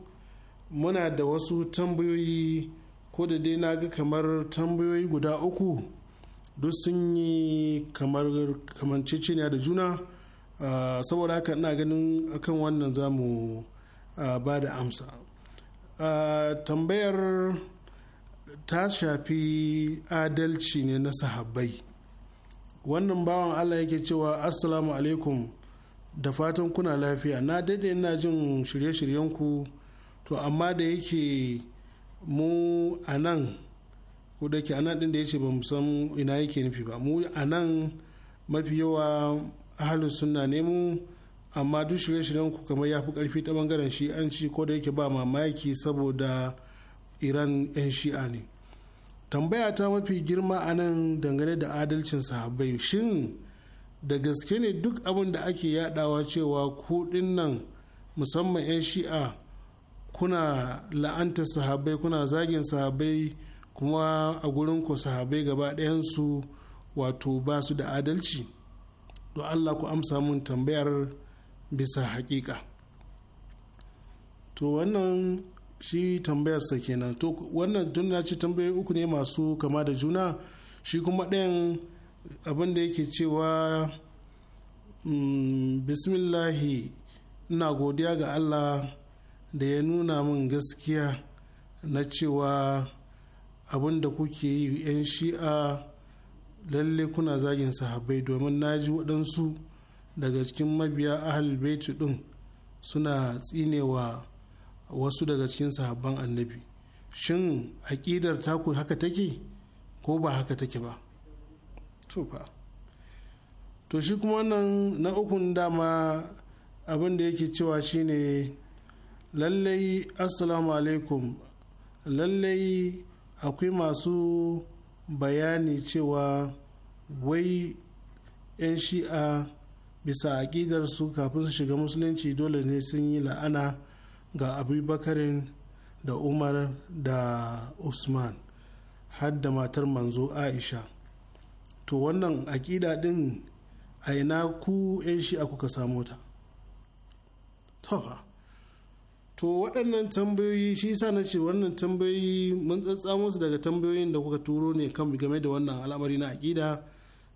muna da wasu tambayoyi ko da dai na ga kamar tambayoyi guda uku duk sun yi kamar kamanceceniya da juna ah, saboda haka ina ganin akan wannan za mu ah, ba da amsa ah, tambayar ta shafi adalci ne na sahabbai wannan bawan allah yake cewa assalamu alaikum da fatan kuna lafiya na daidai ina jin shirye-shiryenku to amma da yake mu a nan ko da ke anan din da ya ce ba mu san ina yake nufi ba mu a nan mafi yawa ahalin sunna ne mu amma duk shirye-shiryen ku kamar ya fi karfi ta bangaren ci ko da yake ba mamaki saboda iran 'yan shi'a ne tambaya ta mafi girma a nan dangane da adalcin sahabbai shin da gaske ne duk abin da ake yadawa cewa kudin nan musamman 'yan shi'a kuna la'anta sahabbai kuna zagin sahabbai kuma a gurin ku sahabai gaba ɗayansu wato ba su da adalci don allah ku amsa mun tambayar bisa haƙiƙa to wannan shi tambayarsa kenan to wannan tun na ci tambayoyi uku ne masu kama da juna shi kuma ɗayan abin da yake cewa mm, bismillahi ina godiya ga allah da ya nuna min gaskiya na cewa abin da kuke yi 'yan shi'a lalle kuna zagin sahabbai domin na ji waɗansu daga cikin mabiya ahal baitu ɗin suna tsinewa wasu daga cikin sahabban annabi shin aƙidar taku haka take ko ba haka take ba to shi kuma wannan na ukun dama abin da yake cewa shine lallai assalamu alaikum lallai akwai masu bayani cewa wai 'yan shi'a bisa aƙidar su kafin su shiga musulunci dole ne sun yi la'ana ga abubakarin da umar da usman har da matar manzo aisha to wannan aƙida din a ina ku 'yan shi'a kuka samo ta tofa to waɗannan tambayoyi shi sa na ce wannan tambayoyi mun tsatsa musu daga tambayoyin da kuka turo ne kan game da wannan al'amari na aƙida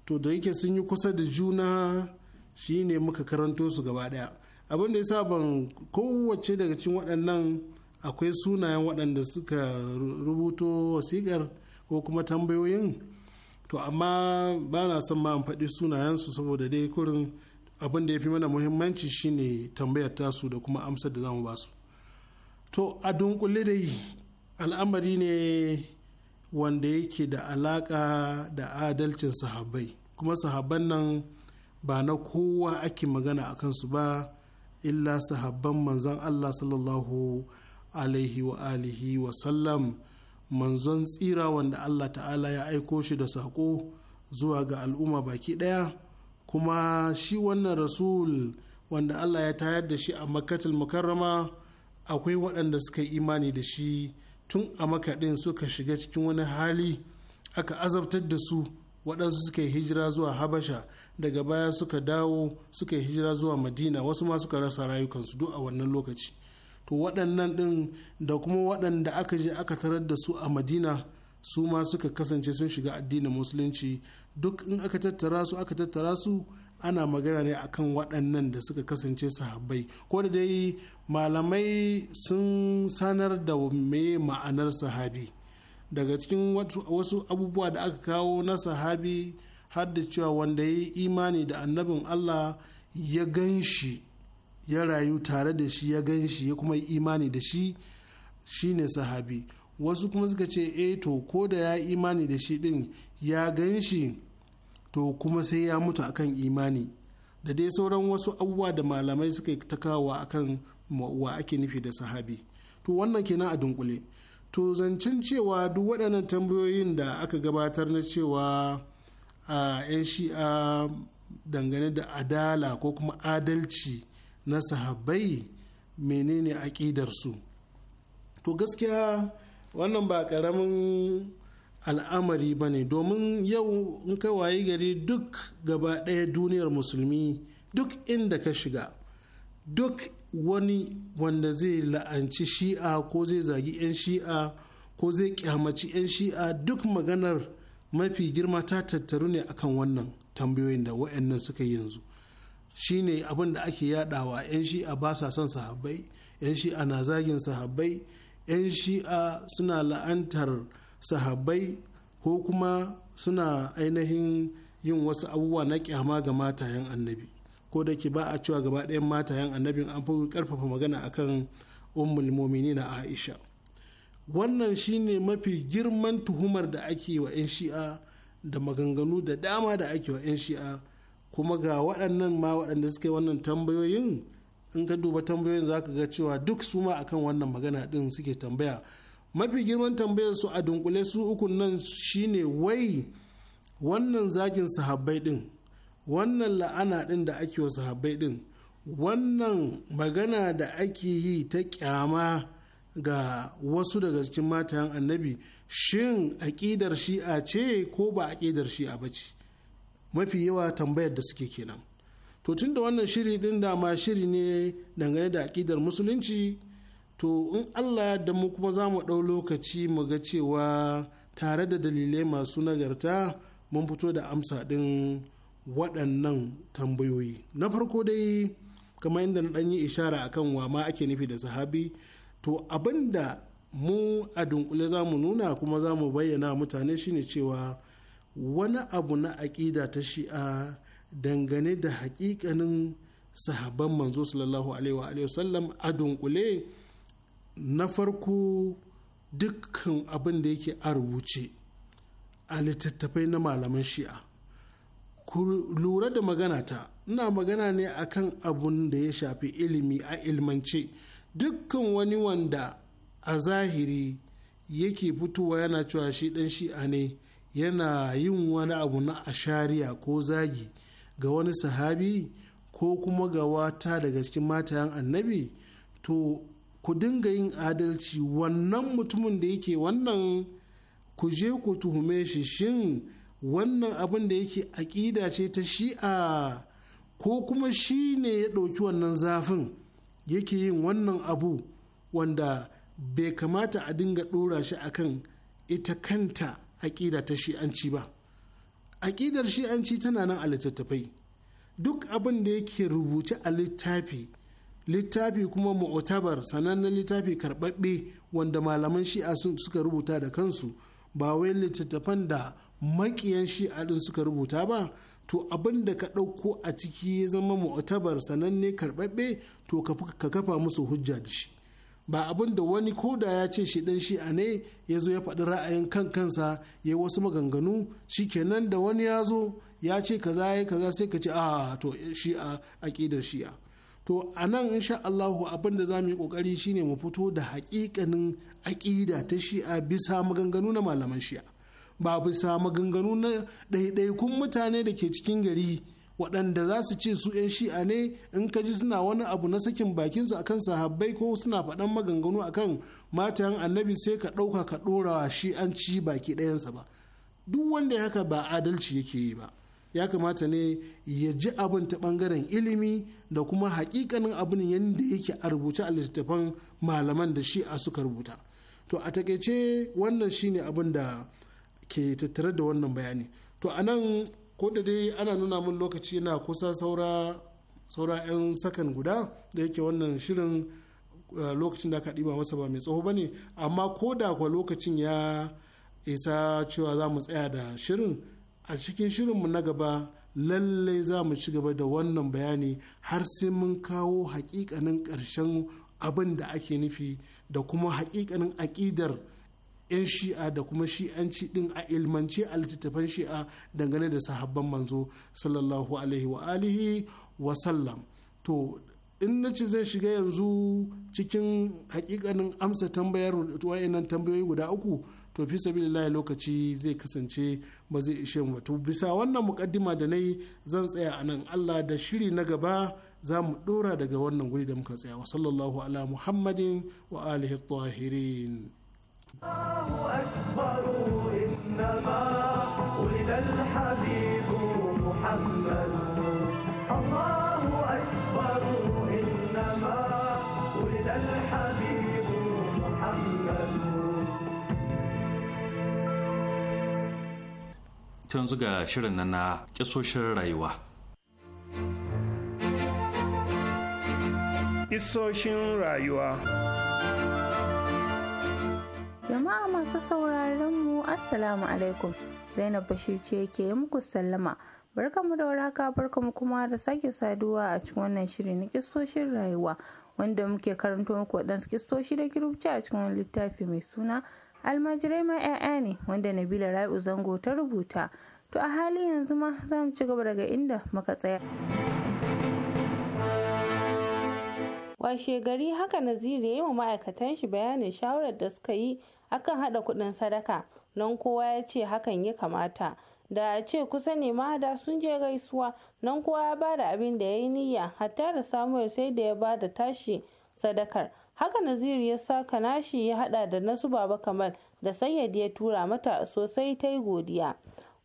to da yake sun yi kusa da juna shi ne muka karanto su gaba ɗaya abin da ya sa ban kowace daga cikin waɗannan akwai sunayen waɗanda suka rubuto wasikar ko kuma tambayoyin to amma ba na son ma faɗi sunayensu saboda dai kurin abin da ya fi mana muhimmanci shine tambayar tasu da kuma amsar da za mu ba su to a dunkule dai al'amari ne wanda yake da alaka da adalcin sahabbai kuma sahabban nan ba na kowa ake magana a kansu ba illa sahabban manzon allah sallallahu alaihi wa alihi wa sallam manzon tsira wanda allah ta'ala ya aiko shi da saƙo zuwa ga al'umma baki ɗaya kuma shi wannan rasul wanda allah ya tayar da shi a makkatul mukarrama akwai waɗanda suka yi imani da shi tun a makaɗin suka shiga cikin wani hali aka azabtar da su waɗansu suka yi hijira zuwa habasha daga baya suka dawo suka yi hijira zuwa madina wasu ma suka rasa rayukansu duk a wannan lokaci to waɗannan ɗin da kuma waɗanda aka je aka tarar da su a madina su ma suka kasance sun shiga addinin musulunci duk in aka tattara su aka tattara su ana magana ne akan waɗannan da suka kasance sahabbai ko da dai malamai sun sanar da me ma'anar sahabi daga cikin wasu abubuwa da aka kawo na sahabi har da cewa wanda ya yi imani da annabin Allah ya gan shi ya rayu tare da shi ya gan shi ya kuma yi imani da shi shine sahabi wasu kuma suka ce e to ko da ya imani da shi din ya gan shi to kuma sai ya mutu akan imani da dai sauran wasu abubuwa da malamai suka ta kawo akan wa ake nufi da sahabi to wannan kenan a dunkule to zancen cewa duk waɗannan tambayoyin da aka gabatar na cewa a 'yan shi'a dangane da adala ko kuma adalci na sahabai menene aƙidarsu to gaskiya wannan ba ƙaramin al'amari ba ne domin yau in ka wayi gari duk gaba ɗaya duniyar musulmi duk inda ka shiga duk wani wanda zai la'anci shi'a ko zai zagi 'yan shi'a ko zai kyamaci 'yan shi'a duk maganar mafi girma ta tattaru ne akan wannan tambayoyin da wa'annan suka yi yanzu shine abin da ake yadawa 'yan shi'a ba sa son sahabbai 'yan shi'a na zagin sahabbai 'yan shi'a suna la'antar sahabbai ko kuma suna ainihin yin wasu abubuwa na kyama ga matayen annabi ko da ke ba a cewa gaba ɗayan matayen annabin an fi karfafa magana akan ummul momini na aisha wannan shine mafi girman tuhumar da ake wa 'yan shi'a da maganganu da dama da ake wa 'yan shi'a kuma ga waɗannan ma waɗanda suka yi wannan tambayoyin in ka duba tambayoyin za ka ga cewa duk su ma akan wannan magana ɗin suke tambaya mafi girman tambayar su a dunkule su ukun nan shine wai wannan zagin sahabbai din wannan la'ana din da ake wa sahabbai din wannan magana da ake yi ta kyama ga wasu daga cikin matan annabi shin aƙidar shi'a ce ko ba aƙidar shi'a ba ce mafi yawa tambayar da suke kenan to tun da wannan shiri din dama shiri ne dangane da aƙidar musulunci to in allah da mu kuma za mu ɗau lokaci mu ga cewa tare da dalilai masu nagarta mun fito da amsa ɗin waɗannan tambayoyi na farko dai kamar inda na ɗanyi ishara akan wa ma ake nufi da sahabi to abinda mu a dunkule za mu nuna kuma za mu bayyana mutane shine cewa wani abu na aƙida ta shi'a dangane da haƙiƙanin sahabban manzo sallallahu alaihi wa sallam a dunkule na farko dukkan abin da yake a rubuce a littattafai na malaman shi'a ku lura da magana ta ina magana ne akan abun da ya shafi ilimi a ilmance dukkan wani wanda a zahiri yake fitowa yana cewa shi dan shi'a ne yana yin wani abu na ashariya ko zagi ga wani sahabi ko kuma ga wata daga cikin matayan annabi to ku dinga yin adalci wannan mutumin da yake wannan ku je ku tuhume shi shin wannan abin da yake aƙida ce ta shi'a ko kuma shi ne ya ɗauki wannan zafin yake yin wannan abu wanda bai kamata a dinga ɗora shi akan ita kanta aƙida ta shi'anci ba aƙidar shi'anci tana nan a littattafai duk abin da yake rubuce a littafi littafi kuma mu'tabar sanannen littafi karbabbe wanda malaman shi'a suka rubuta da kansu ba wai littattafan da makiyan shi'a din suka rubuta ba to abin da ka ɗauko a ciki ya zama mu'tabar sananne karbabbe to ka kafa musu hujja da shi ba abin da wani koda ya ce shi dan shi'a ne ya zo ya faɗi ra'ayin kan kansa ya wasu maganganu shikenan da wani ya zo ya ce kaza ya kaza sai ka ce a ah, to shi'a aƙidar shi'a to a nan insha Allahu abin da za mu yi kokari shine mu fito da hakikanin aƙida ta shi'a bisa maganganu na malaman shi'a ba bisa maganganu na ɗaiɗaikun mutane da ke cikin gari waɗanda za su ce su 'yan shi'a ne in ka ji suna wani abu na sakin bakinsu akan sahabbai ko suna faɗan maganganu akan matan annabi sai ka ɗauka ka ɗora shi'anci baki ɗayansa ba duk wanda haka ba adalci yake yi ba ya kamata ne ya ji abin ta bangaren ilimi da kuma hakikanin abin yadda yake a rubuce a littattafan malaman da shi a suka rubuta to a takaice wannan shine abin da ke tattare da wannan bayani to a nan ko da dai ana nuna min lokaci yana kusa saura saura 'yan sakan guda da yake wannan shirin eh, lokacin da aka ɗiba masa ba mai tsoho ba ne amma ko da kwa lokacin ya isa cewa za mu tsaya da shirin a cikin shirinmu na gaba lallai za mu ci gaba da wannan bayani har sai mun kawo hakikanin ƙarshen abin da ake nufi da kuma hakikanin aƙidar 'yan shi'a da kuma shi'anci ɗin a ilmance a littattafan shi'a dangane da sahabban manzo sallallahu alaihi wa alihi wa sallam to in na ce zai shiga yanzu cikin hakikanin amsa tambayar nan tambayoyi guda uku to fi sabi lokaci zai kasance ba zai ishe mu to bisa wannan mukaddima da na zan tsaya a nan allah da shiri na gaba za mu dora daga wannan guri da muka tsaya wa sallallahu ala muhammadin wa alihi tahirin محمد ta yanzu ga shirin nan na kisoshin rayuwa. Kisoshin rayuwa Jama'a masu sauraron mu Assalamu alaikum Zainab Bashir ce ke muku sallama. Barkamu da waraka barkamu kuma da sake saduwa a cikin wannan shiri na kisoshin rayuwa wanda muke karanto muku waɗansu kisoshi da kirubci a cikin wani littafi mai suna almajirai ma 'ya'ya ne wanda nabila rai'u zango ta rubuta to a hali yanzu ma za mu ci gaba daga inda muka tsaya washe gari haka naziru ya yi wa ma'aikatan shi bayanin shawarar da suka yi akan haɗa kuɗin sadaka nan kowa ya ce hakan ya kamata da a ce kusa ne ma da sun je gaisuwa nan kowa ya bada abin da ya yi niyya hatta da samuel sai da ya bada tashi sadakar haka naziru ya saka nashi ya hada da nasu baba kamal da sayyadi ya tura mata sosai ta yi godiya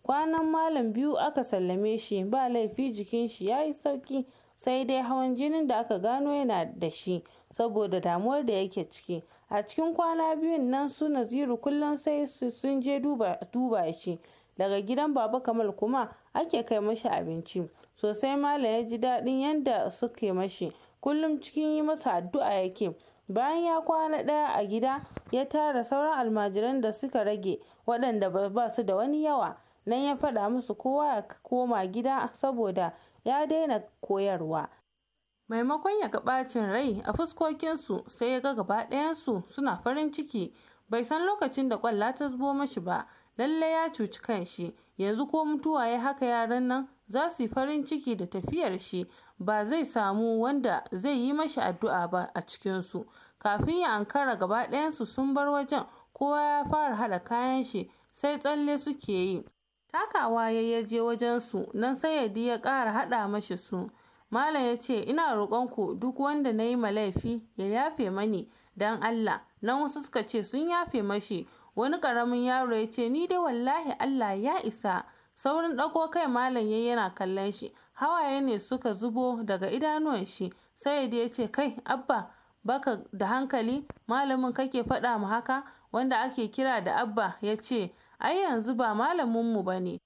kwanan malam biyu aka sallame shi ba laifi jikin shi ya yi sauki sai dai hawan jinin da aka gano yana da shi saboda damuwar da yake ciki a cikin kwana biyun nan su naziru kullum sai sun je duba shi daga gidan baba kamal kuma ake kai mashi abinci sosai malam ya ji daɗin yadda suke mashi kullum cikin yi masa addu'a yake Bayan ya kwana ɗaya a gida, ya tara sauran almajiran da suka rage waɗanda ba su da wani yawa, nan ya faɗa musu kowa ya koma gida saboda ya daina koyarwa. Maimakon ya ga ɓacin rai a fuskokinsu sai ya ga gaba ɗayansu suna farin ciki, bai san lokacin da ƙwalla ta zubo mashi ba. lallai ya cuci kanshi yanzu ko mutuwa ya haka yaran nan za su yi farin ciki da tafiyar shi ba zai samu wanda zai yi mashi addu'a ba a cikinsu kafin ya ankara gaba ɗayansu sun bar wajen kowa ya fara hada kayan shi sai tsalle suke yi takawa ya je wajen su nan sai ya ya ƙara haɗa mashi su malam ya ce ina roƙonku duk wanda na yi ma laifi ya yafe mani don allah nan wasu suka ce sun yafe mashi wani karamin yaro ya ce ni dai wallahi Allah ya isa saurin ɗago kai malam yayi yana kallon shi hawaye ne suka zubo daga idanuwan shi sai ya ce kai abba baka da hankali malamin kake faɗa mu haka wanda ake kira da abba ya ce ai yanzu ba malamin mu bane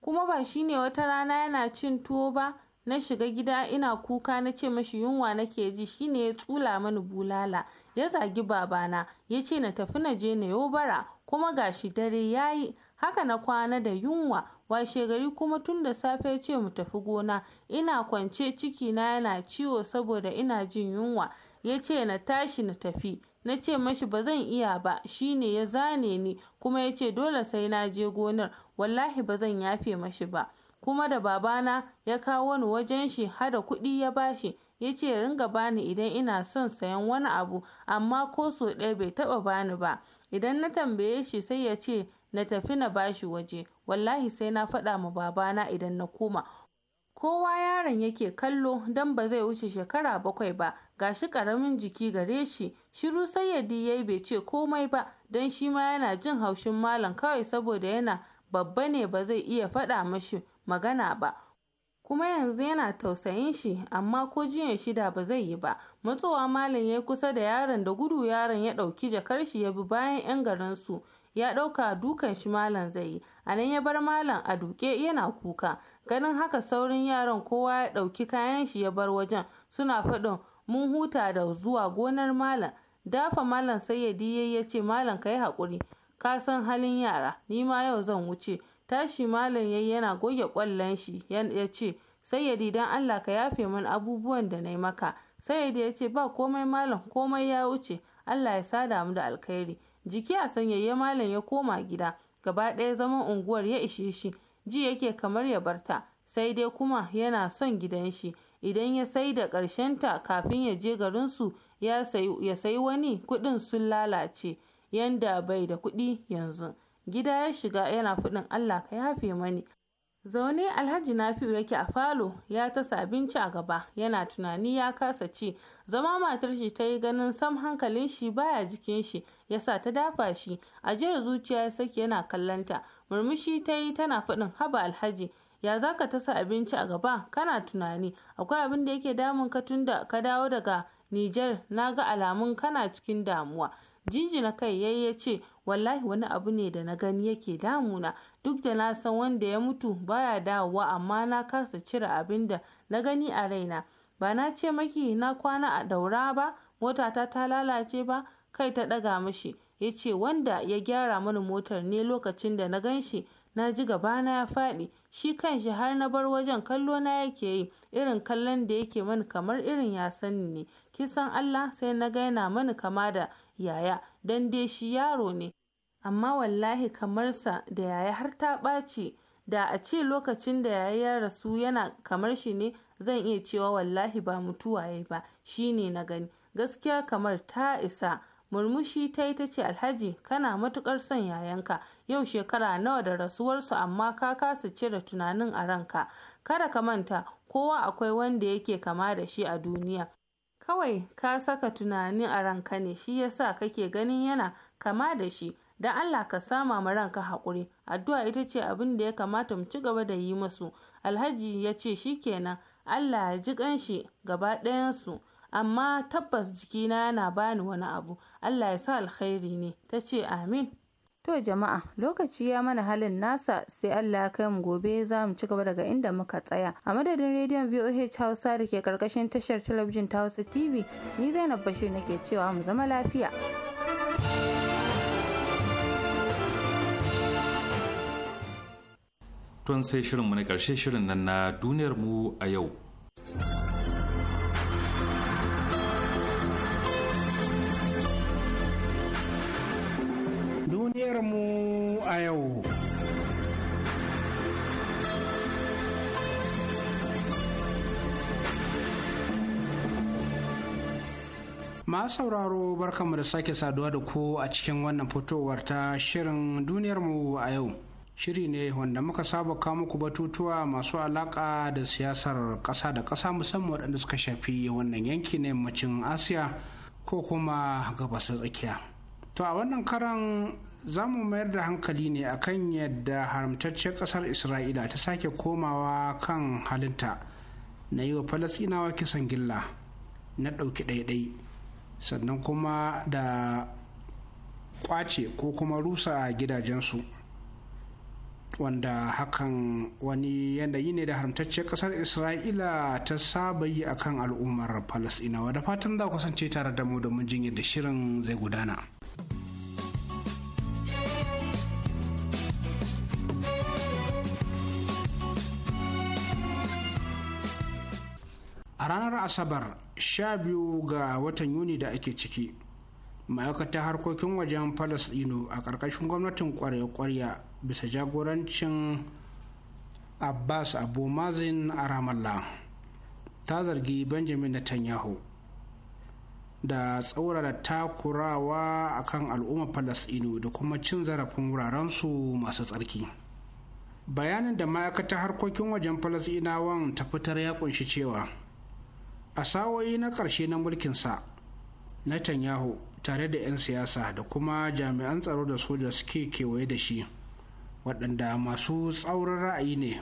kuma ba shine wata rana yana cin tuwo ba na shiga gida ina kuka na ce mashi yunwa nake ji shine ya tsula mani bulala ya zagi babana ya ce na tafi na je na yo bara kuma gashi dare ya yi haka na kwana da yunwa washe gari kuma tun da safe ya ce mu tafi gona ina kwance ciki na yana ciwo saboda ina jin yunwa ya ce na tashi na tafi na ce mashi ba zan iya ba shi ne ya zane ni kuma ya ce dole sai na je gonar wallahi ba zan yafe mashi ba kuma da babana ya kawo ni wajen shi hada kuɗi ya bashi ya ce ya ringa bani idan ina son sayan wani abu amma ko sau ɗaya bai taɓa bani ba idan na tambaye shi sai ya ce na tafi na bashi waje wallahi sai na faɗa ma babana idan na koma kowa yaron yake kallo don ba zai wuce shekara bakwai ba ga shi ƙaramin jiki gare shi shiru sai ya yai bai ce komai ba don shi ma yana jin haushin malam kawai saboda yana babba ne ba zai iya faɗa mashi magana ba kuma yanzu yana tausayin shi amma ko jiyan shida da ba zai yi ba matsowa malam ya kusa da yaron da gudu yaron ya ɗauki jakar shi ya bi bayan 'yan garin su ya ɗauka dukan shi malam zai yi a nan ya bar malam a duke yana kuka ganin haka saurin yaron kowa ya ɗauki kayan shi ya bar wajen suna faɗin mun huta da zuwa gonar malam dafa malam sai ya ya ce malam ka yi haƙuri ka san halin yara ni ma yau zan wuce Tashi Malam yayi yana goge ƙwallon shi ya ce, Sayyadi idan Allah ka yafe min abubuwan da na maka. Sayyadi ya ce, Ba komai Malam, komai ya wuce, Allah ya sada mu da alkhairi. Jiki a sanyayye Malam ya koma gida, gaba ɗaya zaman unguwar ya ishe shi, ji yake kamar ya barta, sai dai kuma yana son gidan shi. Idan ya sai da ta kafin ya je garin su ya sayi wani kuɗin sun lalace, yanda bai da kuɗi yanzu. gida ya shiga yana faɗin Allah ka yafe mani zaune alhaji nafi'u yake a falo ya tasa abinci a gaba yana tunani ya kasa ci zama matar shi ta yi ganin sam hankalin shi baya jikin shi yasa ta dafa shi a ajiyar zuciya ya saki yana kallanta murmushi ta yi tana faɗin haba alhaji ya za ka tasa abinci a gaba kana tunani akwai abin da yake damun ka tun ka dawo daga Nijar na ga alamun kana cikin damuwa jinjina kai yayi ya ce wallahi wani abu ne da na gani yake damuna duk da na san wanda ya mutu baya dawowa amma na kasa cire abin da na gani a raina ba na ce maki na kwana a daura ba motata ta lalace ba kai ta ɗaga mashi ya ce wanda ya gyara mani motar ne lokacin da na gan shi na ji gabana ya faɗi shi kan shi har na bar wajen kallo na yake yi irin kallon da yake mani kamar irin ya sani ne kin san Allah sai na ga yana mani kama da yaya dan dai shi yaro ne amma wallahi kamar sa, da yaya har ta ɓaci da a ce lokacin da yaya ya rasu yana kamar shi ne zan iya cewa wallahi ba mutuwa ya ba shi ne na gani gaskiya kamar ta isa murmushi ta yi ta ce alhaji kana matukar son yayanka yau shekara nawa da rasuwarsu amma ka kasa cire tunanin a ranka kada ka manta kowa akwai wanda yake kama da shi a duniya Kawai ka saka tunani a ranka ne shi yasa kake ganin yana kama da shi, don Allah ka sama ma ranka haƙuri, addu'a ita ce abin da ya kamata mu ci gaba da yi musu. Alhaji ya ce shi kenan, Allah ya ji ƙanshi gaba ɗayansu, amma tabbas jikina yana bani wani abu, Allah ya sa alkhairi ne, ta ce amin. To jama'a lokaci ya mana halin nasa sai Allah ya kai mu gobe za mu ci gaba daga inda muka tsaya. A madadin rediyon VOH Hausa da ke karkashin tashar talabijin ta Hausa TV ni Zainab Bashir nake cewa mu zama lafiya. Tun sai shirin mu na karshe shirin nan na duniyar mu a yau. mu a yau. Ma sauraro barkanmu da sake saduwa da ku a cikin wannan fitowar ta shirin duniyarmu a yau. Shiri ne wanda muka saba kawo muku batutuwa masu alaƙa da siyasar ƙasa da ƙasa musamman waɗanda suka shafi wannan yanki na yammacin Asiya ko kuma gabas tsakiya. To a wannan karan za mu mayar da hankali ne akan yadda haramtacciyar kasar isra'ila ta sake komawa kan halinta na yi wa falasinawa kisan gilla na ɗauki ɗaiɗai sannan kuma da kwace ko kuma rusa gidajensu wanda hakan wani yanayi ne da haramtacciyar kasar isra'ila ta saba yi akan al'ummar falasinawa da fatan za kusance tare da mu domin jin yadda shirin zai gudana. a ranar asabar 12 ga watan yuni da ake ciki ma'aikata harkokin wajen Falasɗinu a ƙarƙashin gwamnatin kwarya-kwarya bisa jagorancin abbas abu mazin a ramallah ta zargi benjamin netanyahu da tsaurara takurawa a kan al'ummar Falasɗinu da kuma cin zarafin wuraren su masu tsarki bayanin da ma'aikata harkokin wajen falasdinawan ta fitar ya kunshi cewa a sawoyi na ƙarshe na mulkinsa netanyahu tare da 'yan siyasa da kuma jami'an tsaro da soja suke kewaye da shi waɗanda masu tsaurin ra'ayi ne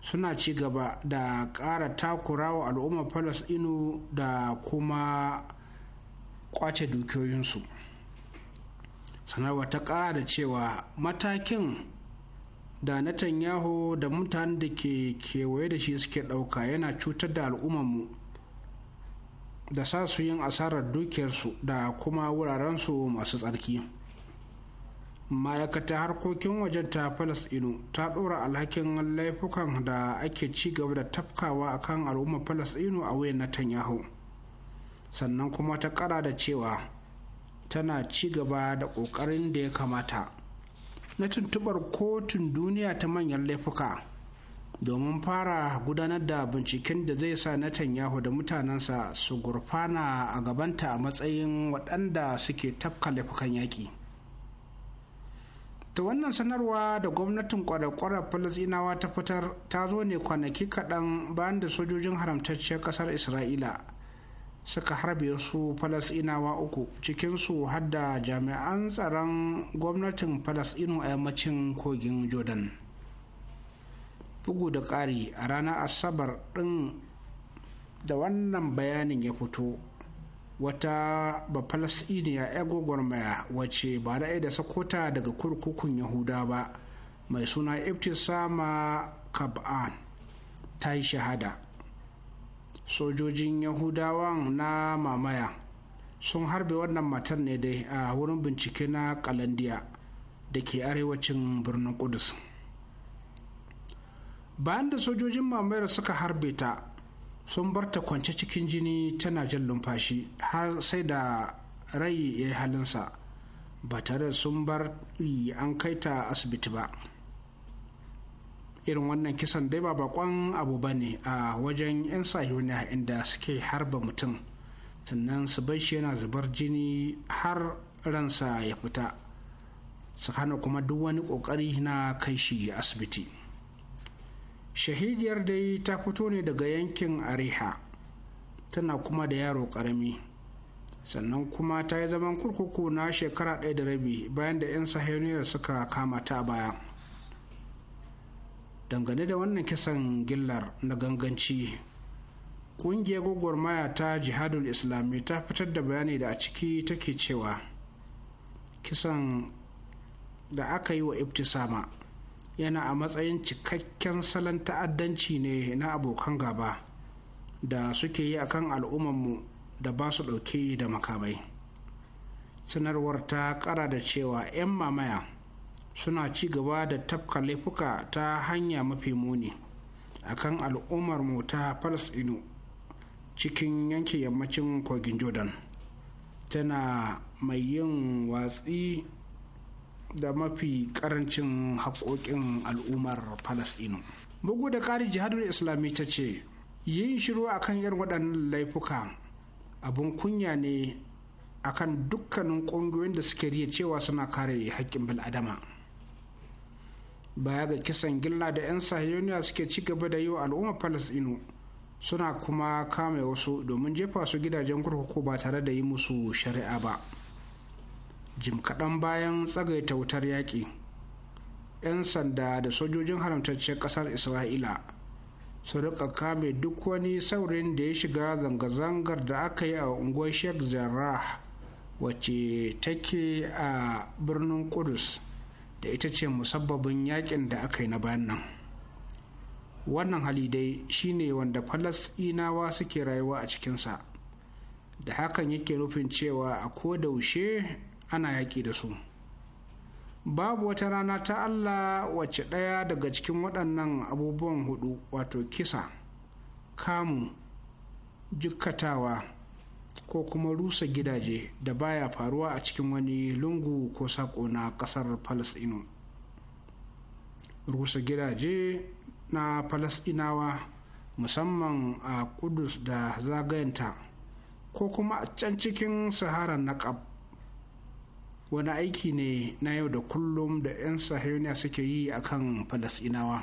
suna ci gaba da ƙara takurawa al'ummar falasɗinu da kuma kwace dukiyoyinsu sanarwa ta ƙara da cewa matakin da netanyahu da mutanen da ke kewaye da shi suke ɗauka yana cutar da al'ummar mu. da sa su yin asarar dukiyarsu da kuma wurarensu masu tsarki Ma'aikata harkokin wajen ta falasɗinu ta ɗora alhakin laifukan da ake ci gaba da tafkawa a akan al'ummar falasɗinu a wayan yahu sannan kuma ta ƙara da cewa tana ci gaba da ƙoƙarin da ya kamata na tuntubar kotun duniya ta manyan laifuka domin fara gudanar da binciken da zai sa Netanyahu da mutanensa su gurfana a gabanta a matsayin waɗanda suke tafka laifukan yaƙi. ta wannan sanarwa da gwamnatin kwarar falasinawa ta fitar ta zo ne kwanaki kaɗan bayan da sojojin haramtacciyar ƙasar isra'ila suka harbe su falasinawa uku cikinsu hadda jami'an tsaron gwamnatin falasinu a yammacin kogin jordan bugu da ƙari a ranar asabar ɗin da wannan bayanin ya fito wata bafalasiniya ya maya wace ba da da sakota daga kurkukun yahuda ba mai suna iftisama kab'an ta yi shahada sojojin yahudawan na mamaya sun harbe wannan matar ne dai a wurin bincike na kalandiya da ke arewacin birnin kudus bayan da sojojin mamayar suka harbe ta sun bar ta kwance cikin jini tana jin lumfashi har sai da rai ya yi halinsa ba tare da sun bar an kai ta asibiti ba irin wannan kisan dai ba bakon abu ba ne a wajen 'yan sahiyoniya inda suke harba mutum sannan su bai shi yana zubar jini har ransa ya fita su hana kuma duk wani kokari na kai shi asibiti shahidiyar dai ta fito ne daga yankin ariha tana kuma da yaro karami sannan kuma ta yi zaman kurkuku na shekara ɗaya da rabi bayan da 'yan sahiyoniyar suka kama ta baya dangane da wannan kisan gillar na ganganci ƙungiyar maya ta jihadul islami ta fitar da bayani da a ciki take cewa kisan da aka yi wa ibtisama yana a matsayin cikakken salon ta'addanci ne na abokan gaba da suke yi akan al'ummanmu da ba su ɗauke da makamai sanarwar ta kara da cewa 'yan mamaya suna ci gaba da tafka laifuka ta hanya mafi muni akan al'ummar mu ta palestino cikin yankin yammacin kogin jordan tana mai yin watsi da mafi karancin haƙoƙin al'ummar falasɗinu bugu da ƙari jihadar islami ta ce yin shiru akan yin waɗannan laifuka abin kunya ne akan dukkanin ƙungiyoyin da suke riya cewa suna kare haƙƙin bil'adama baya ga kisan gilla da 'yan sahiyoniya suke ci gaba da yi wa al'ummar falasɗinu suna kuma kame wasu domin jefa su gidajen kurkuku ba tare da yi musu shari'a ba. jim kaɗan bayan tsagaita wutar yaƙi 'yan sanda da sojojin haramtaccen ƙasar isra'ila su rika kame duk wani saurin da ya shiga zanga-zangar da aka yi a unguwar sheikh jarrah wacce take a birnin kudus da ita ce musabbabin yakin da aka yi na bayan nan wannan hali dai shine wanda falasɗinawa suke rayuwa a cikinsa da hakan yake nufin cewa a kodaushe ana yaƙi da su babu wata rana ta allah wacce ɗaya daga cikin waɗannan abubuwan hudu wato kisa kamu jikkatawa ko kuma rusa gidaje da baya faruwa a cikin wani lungu ko saƙo na ƙasar falasɗinu rusa gidaje na falasɗinawa musamman a kudus da zagayenta ko kuma a can cikin sahara na ƙab wani aiki ne na yau da kullum da 'yan sahiyoniya suke yi a kan falasinawa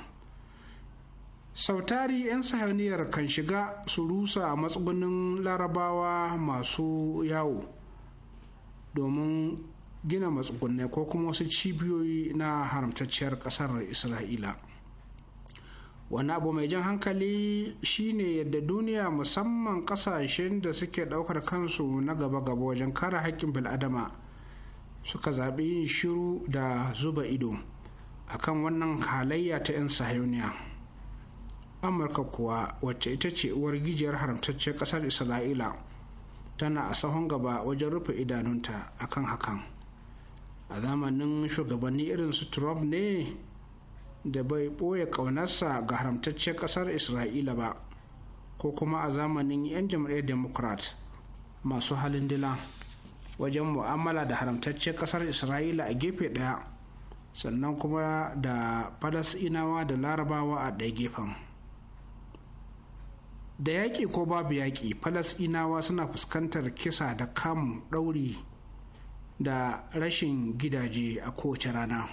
sautari 'yan sahiyoniyar kan shiga su rusa a matsugunin larabawa masu yawo domin gina matsugunne ko kuma wasu cibiyoyi na haramtacciyar ƙasar isra'ila wani abu mai jan hankali shine yadda duniya musamman ƙasashen da suke ɗaukar kansu na gaba-gaba wajen kare haƙƙin bil'adama suka zaɓi yin shiru da zuba ido a kan wannan halayya ta 'yan sahiyoniya amurka kuwa wacce ita ce uwar gijiyar haramtacce ƙasar isra'ila tana a sahon gaba wajen rufe idanunta akan hakan a zamanin shugabanni irin su trump ne da bai ɓoye ƙaunarsa ga haramtacce ƙasar isra'ila ba ko kuma a zamanin 'yan jam'iyyar democrat masu halin dila wajen mu'amala da haramtacciyar ƙasar isra'ila a gefe ɗaya sannan kuma da falasinawa da larabawa a ɗaya gefen da yaƙi ko babu yaƙi falasinawa suna fuskantar kisa da kamun ɗauri da rashin gidaje a kowace rana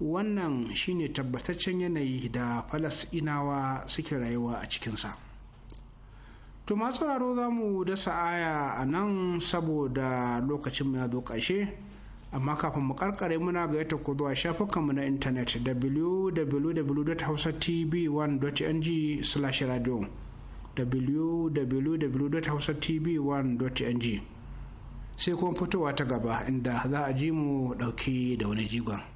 wannan shine tabbataccen yanayi da falasinawa suke rayuwa a cikinsa. To sauraro za mu dasa aya a nan saboda lokacin ya zo ƙarshe. Amma kafin mu karkare muna ga yata ko zuwa shafukanmu na intanet www.hausatv1.ng slash radio www.hausatv1.ng sai kuma fitowa ta gaba inda za a ji mu ɗauki da wani jigon.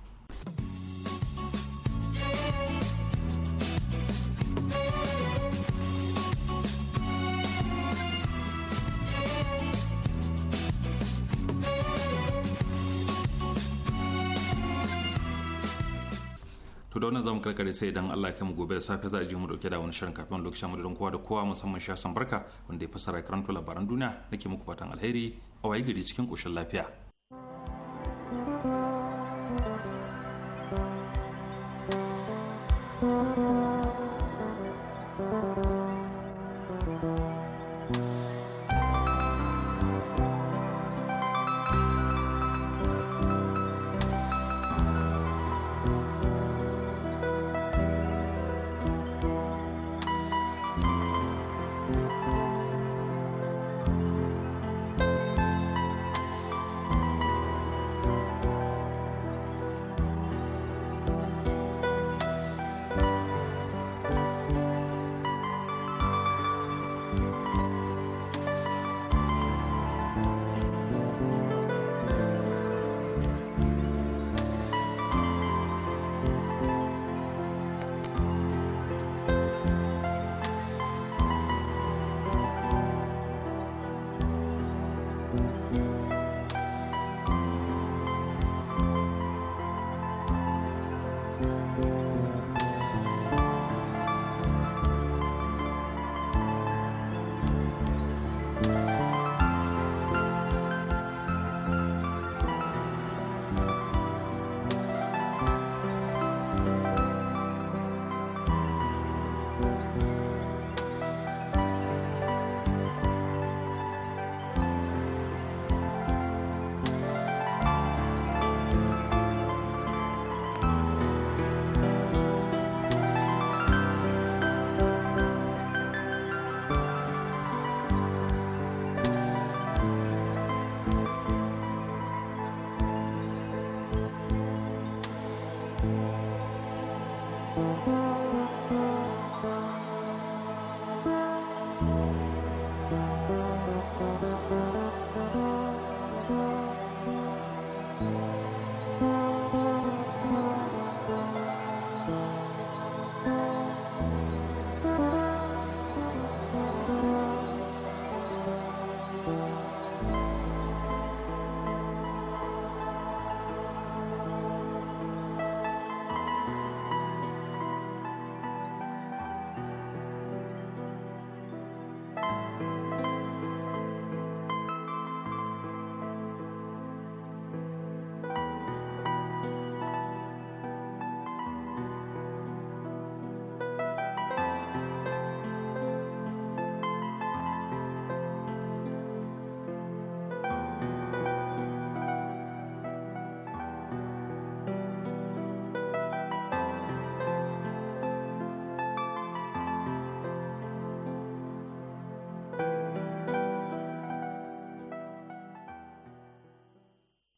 da wannan zamu karkare sai idan Allah ya kai mu gobe da safe za a ji mu dauke da wani shirin kafin lokacin mu da kowa da kowa musamman Shasan Barka wanda ya fassara karanto labaran duniya nake muku fatan alheri a waye gari cikin koshin lafiya